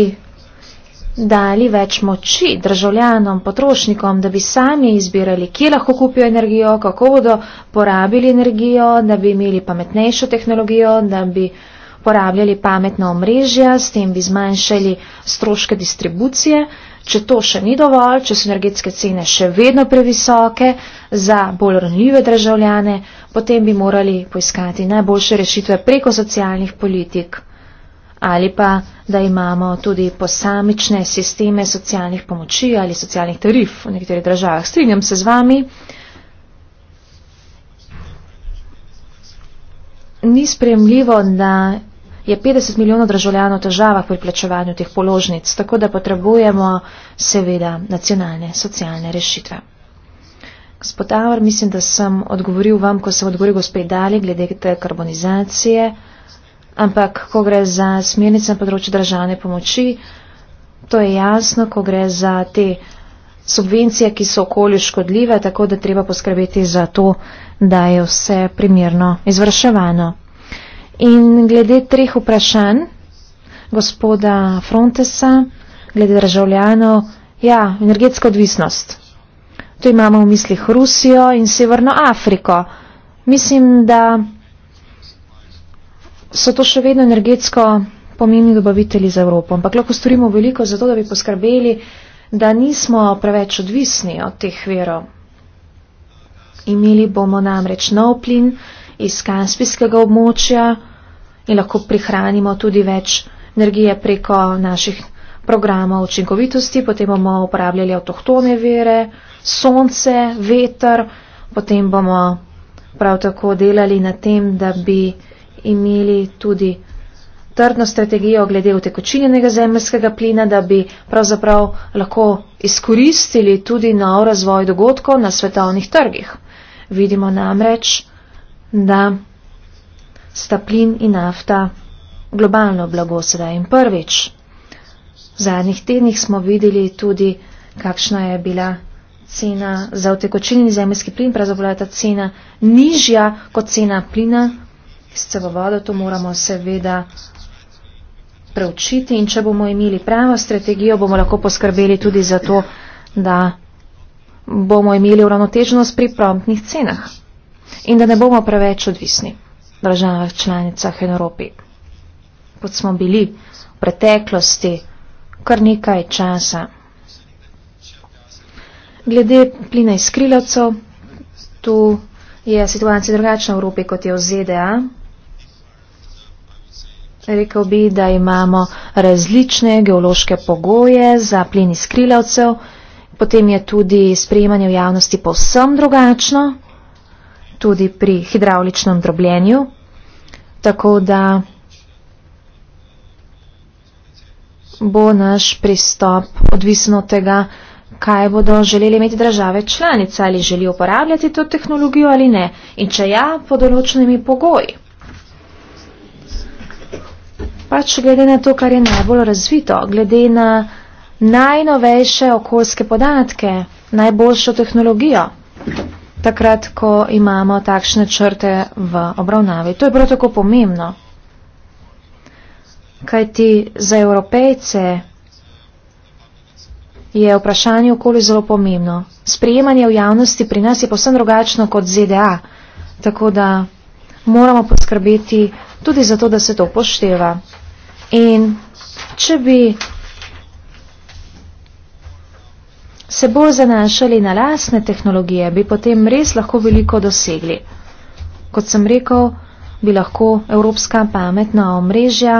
S2: dali več moči državljanom, potrošnikom, da bi sami izbirali, kje lahko kupijo energijo, kako bodo porabili energijo, da bi imeli pametnejšo tehnologijo, da bi uporabljali pametna omrežja, s tem bi zmanjšali stroške distribucije. Če to še ni dovolj, če so energetske cene še vedno previsoke za bolj ranljive državljane, potem bi morali poiskati najboljše rešitve preko socialnih politik ali pa da imamo tudi posamične sisteme socialnih pomoči ali socialnih tarif v nekaterih državah. Strinjam se z vami. ni spremljivo, da je 50 milijonov državljanov težava pri plačevanju teh položnic, tako da potrebujemo seveda nacionalne socialne rešitve. Gospod Avar, mislim, da sem odgovoril vam, ko sem odgovoril gospe Dali, glede te karbonizacije, ampak ko gre za smernice na področju državne pomoči, to je jasno, ko gre za te subvencije, ki so okolju škodljive, tako da treba poskrbeti za to, da je vse primerno izvrševano. In glede treh vprašanj gospoda Frontesa, glede državljanov, ja, energetska odvisnost. Tu imamo v mislih Rusijo in Severno Afriko. Mislim, da so to še vedno energetsko pomembni dobavitelji za Evropo, ampak lahko storimo veliko za to, da bi poskrbeli, da nismo preveč odvisni od teh verov. Imeli bomo namreč nov plin iz kanspijskega območja in lahko prihranimo tudi več energije preko naših programov učinkovitosti, potem bomo uporabljali avtohtone vere, sonce, veter, potem bomo prav tako delali na tem, da bi imeli tudi trdno strategijo glede utekočinjenega zemljskega plina, da bi pravzaprav lahko izkoristili tudi nov razvoj dogodkov na svetovnih trgih. Vidimo namreč, da sta plin in nafta globalno blago sedaj in prvič. V zadnjih tednih smo videli tudi, kakšna je bila cena za utekočinjeni zemljski plin, pravzaprav je ta cena nižja kot cena plina. Iz cevovodov to moramo seveda preučiti in če bomo imeli pravo strategijo, bomo lahko poskrbeli tudi za to, da bomo imeli uravnotežnost pri promptnih cenah in da ne bomo preveč odvisni v državah članicah in Evropi. Kot smo bili v preteklosti kar nekaj časa. Glede plina iz krilovcev, tu je situacija drugačna v Evropi, kot je v ZDA. Rekel bi, da imamo različne geološke pogoje za plin iz krilavcev, potem je tudi sprejemanje v javnosti povsem drugačno, tudi pri hidravličnem drobljenju, tako da bo naš pristop odvisen od tega, kaj bodo želeli imeti države članice, ali želijo uporabljati to tehnologijo ali ne in če ja, pod določenimi pogoji pač glede na to, kar je najbolj razvito, glede na najnovejše okoljske podatke, najboljšo tehnologijo, takrat, ko imamo takšne črte v obravnavi. To je prav tako pomembno, kaj ti za evropejce je vprašanje okoli zelo pomembno. Sprijemanje v javnosti pri nas je posebno drugačno kot ZDA, tako da moramo poskrbeti, tudi zato, da se to pošteva. In če bi se bolj zanašali na lasne tehnologije, bi potem res lahko veliko dosegli. Kot sem rekel, bi lahko evropska pametna omrežja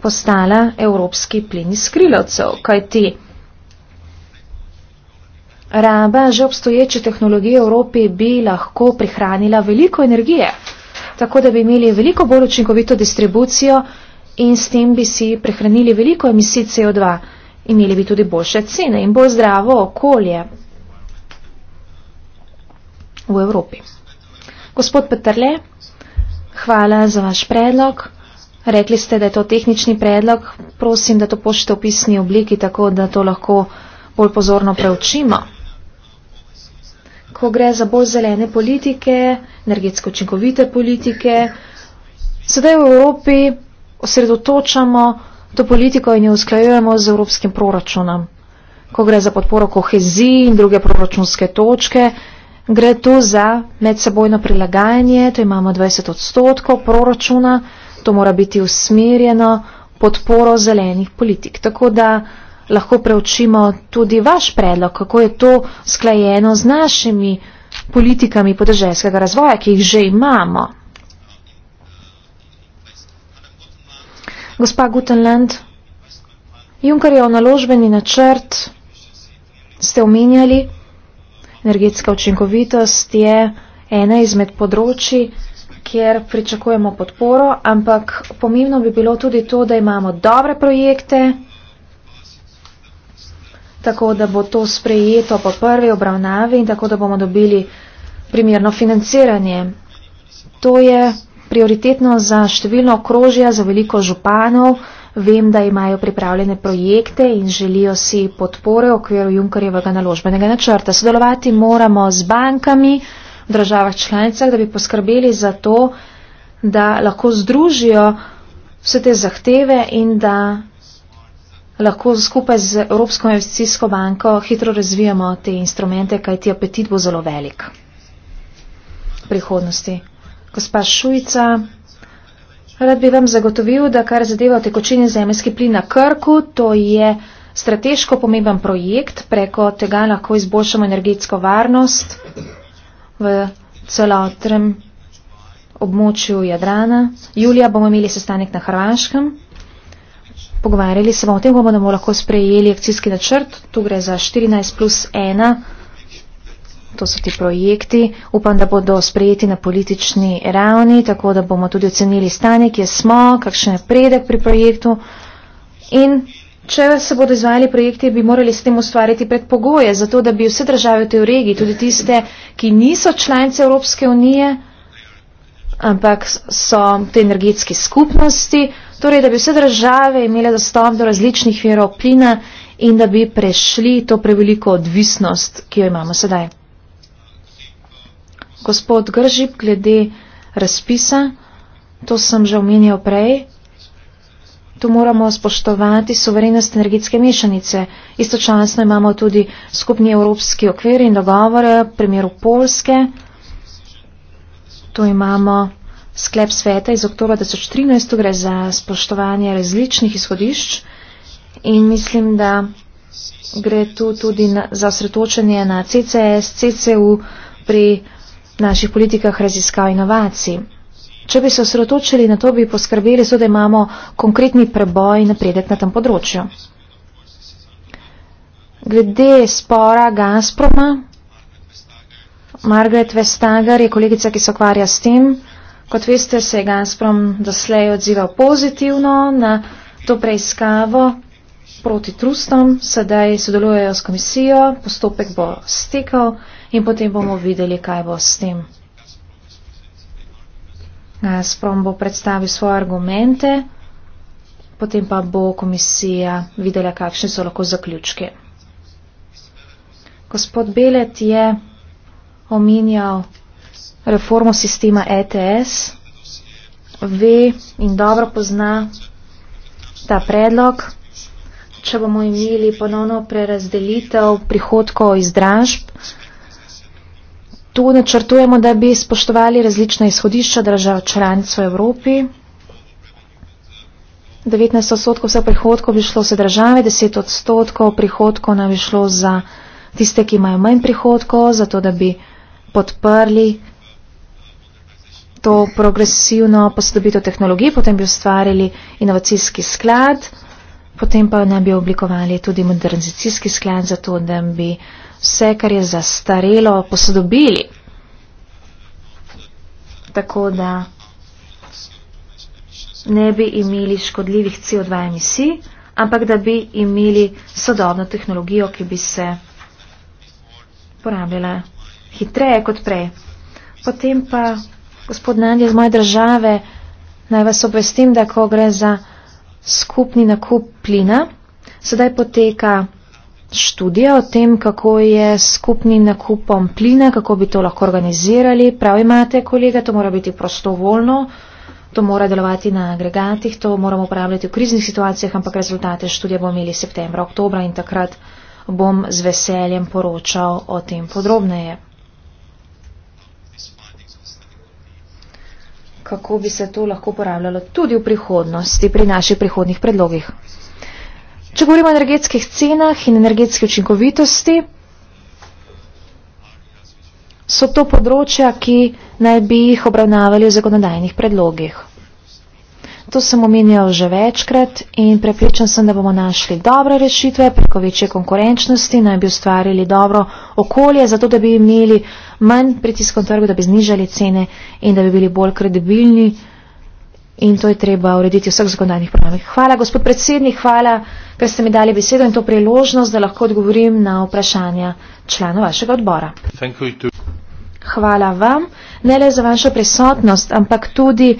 S2: postala evropski plin iz krilovcev, kajti raba že obstoječe tehnologije v Evropi bi lahko prihranila veliko energije tako da bi imeli veliko bolj učinkovito distribucijo in s tem bi si prehranili veliko emisij CO2. Imeli bi tudi boljše cene in bolj zdravo okolje v Evropi. Gospod Petrle, hvala za vaš predlog. Rekli ste, da je to tehnični predlog. Prosim, da to pošljete v pisni obliki, tako da to lahko bolj pozorno preučimo ko gre za bolj zelene politike, energetsko učinkovite politike. Sedaj v Evropi osredotočamo to politiko in jo usklajujemo z evropskim proračunom. Ko gre za podporo koheziji in druge proračunske točke, gre tu za medsebojno prilagajanje, to imamo 20 odstotkov proračuna, to mora biti usmerjeno podporo zelenih politik. Tako da lahko preučimo tudi vaš predlog, kako je to sklajeno z našimi politikami podeželjskega razvoja, ki jih že imamo. Gospa Gutenland, Junker je o naložbeni načrt, ste omenjali, energetska učinkovitost je ena izmed področji, kjer pričakujemo podporo, ampak pomembno bi bilo tudi to, da imamo dobre projekte, tako da bo to sprejeto po prvi obravnavi in tako da bomo dobili primerno financiranje. To je prioritetno za številno okrožje, za veliko županov. Vem, da imajo pripravljene projekte in želijo si podpore v okviru Junkarjevega naložbenega načrta. Sodelovati moramo z bankami v državah članicah, da bi poskrbeli za to, da lahko združijo vse te zahteve in da lahko skupaj z Evropsko investicijsko banko hitro razvijamo te instrumente, kajti apetit bo zelo velik v prihodnosti. Gospa Šujica, rad bi vam zagotovil, da kar zadeva tekočine zemljski plin na Krku, to je strateško pomemben projekt, preko tega lahko izboljšamo energetsko varnost v celotnem območju Jadrana. Julija bomo imeli sestanek na Hrvaškem pogovarjali, samo o tem bomo lahko sprejeli akcijski načrt. Tu gre za 14 plus 1. To so ti projekti. Upam, da bodo sprejeti na politični ravni, tako da bomo tudi ocenili stanje, kje smo, kakšen je predek pri projektu. In če se bodo izvajali projekti, bi morali s tem ustvariti predpogoje, zato da bi vse države v tej regiji, tudi tiste, ki niso članice Evropske unije, ampak so te energetske skupnosti, torej da bi vse države imele dostop do različnih virov plina in da bi prešli to preveliko odvisnost, ki jo imamo sedaj. Gospod Gržib, glede razpisa, to sem že omenjal prej, tu moramo spoštovati suverenost energetske mešanice. Istočasno imamo tudi skupni evropski okvir in dogovore, primeru Polske to imamo sklep sveta iz oktobra 2013, gre za spoštovanje različnih izhodišč in mislim, da gre tu tudi na, za osretočenje na CCS, CCU pri naših politikah raziskav inovacij. Če bi se osretočili na to, bi poskrbeli so, da imamo konkretni preboj in napredek na tem področju. Glede spora Gazproma, Margaret Vestager je kolegica, ki se okvarja s tem. Kot veste, se je Gazprom doslej odzival pozitivno na to preiskavo proti trustom, sedaj sodelujejo s komisijo, postopek bo stekel in potem bomo videli, kaj bo s tem. Gazprom bo predstavil svoje argumente, potem pa bo komisija videla, kakšne so lahko zaključke. Gospod Belet je omenjal reformo sistema ETS, ve in dobro pozna ta predlog. Če bomo imeli ponovno prerazdelitev prihodkov iz dražb, tu načrtujemo, da bi spoštovali različna izhodišča držav članic v Evropi. 19 odstotkov vseh prihodkov bi šlo se države, 10 odstotkov prihodkov nam bi šlo za tiste, ki imajo manj prihodkov, zato da bi podprli to progresivno posodobitev tehnologij, potem bi ustvarili inovacijski sklad, potem pa ne bi oblikovali tudi modernizacijski sklad, zato da bi vse, kar je zastarelo, posodobili. Tako da ne bi imeli škodljivih CO2 emisij, ampak da bi imeli sodobno tehnologijo, ki bi se porabljala hitreje kot prej. Potem pa, gospod Nadje iz moje države, naj vas obvestim, da ko gre za skupni nakup plina, sedaj poteka študija o tem, kako je skupni nakupom plina, kako bi to lahko organizirali. Prav imate, kolega, to mora biti prostovoljno, to mora delovati na agregatih, to moramo uporabljati v kriznih situacijah, ampak rezultate študije bomo imeli septembra, oktobra in takrat bom z veseljem poročal o tem podrobneje. kako bi se to lahko uporabljalo tudi v prihodnosti, pri naših prihodnih predlogih. Če govorimo o energetskih cenah in energetski učinkovitosti, so to področja, ki naj bi jih obravnavali v zakonodajnih predlogih. To sem omenjal že večkrat in prepričan sem, da bomo našli dobre rešitve preko večje konkurenčnosti, naj bi ustvarili dobro okolje, zato da bi imeli manj pritiskov na trgu, da bi znižali cene in da bi bili bolj kredibilni. In to je treba urediti v vseh zakonodajnih programih. Hvala, gospod predsednik, hvala, ker ste mi dali besedo in to priložnost, da lahko odgovorim na vprašanja članov vašega odbora. Hvala vam, ne le za vašo prisotnost, ampak tudi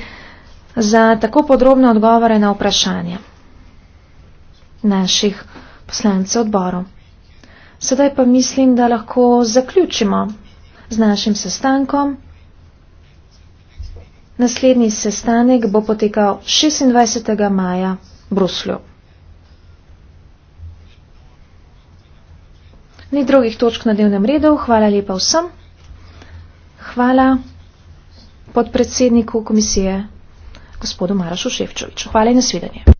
S2: za tako podrobne odgovore na vprašanja naših poslancev odborov. Sedaj pa mislim, da lahko zaključimo z našim sestankom. Naslednji sestanek bo potekal 26. maja v Bruslju. Ni drugih točk na dnevnem redu. Hvala lepa vsem. Hvala podpredsedniku komisije, gospodu Marašu Ševčoviču. Hvala in nasvidenje.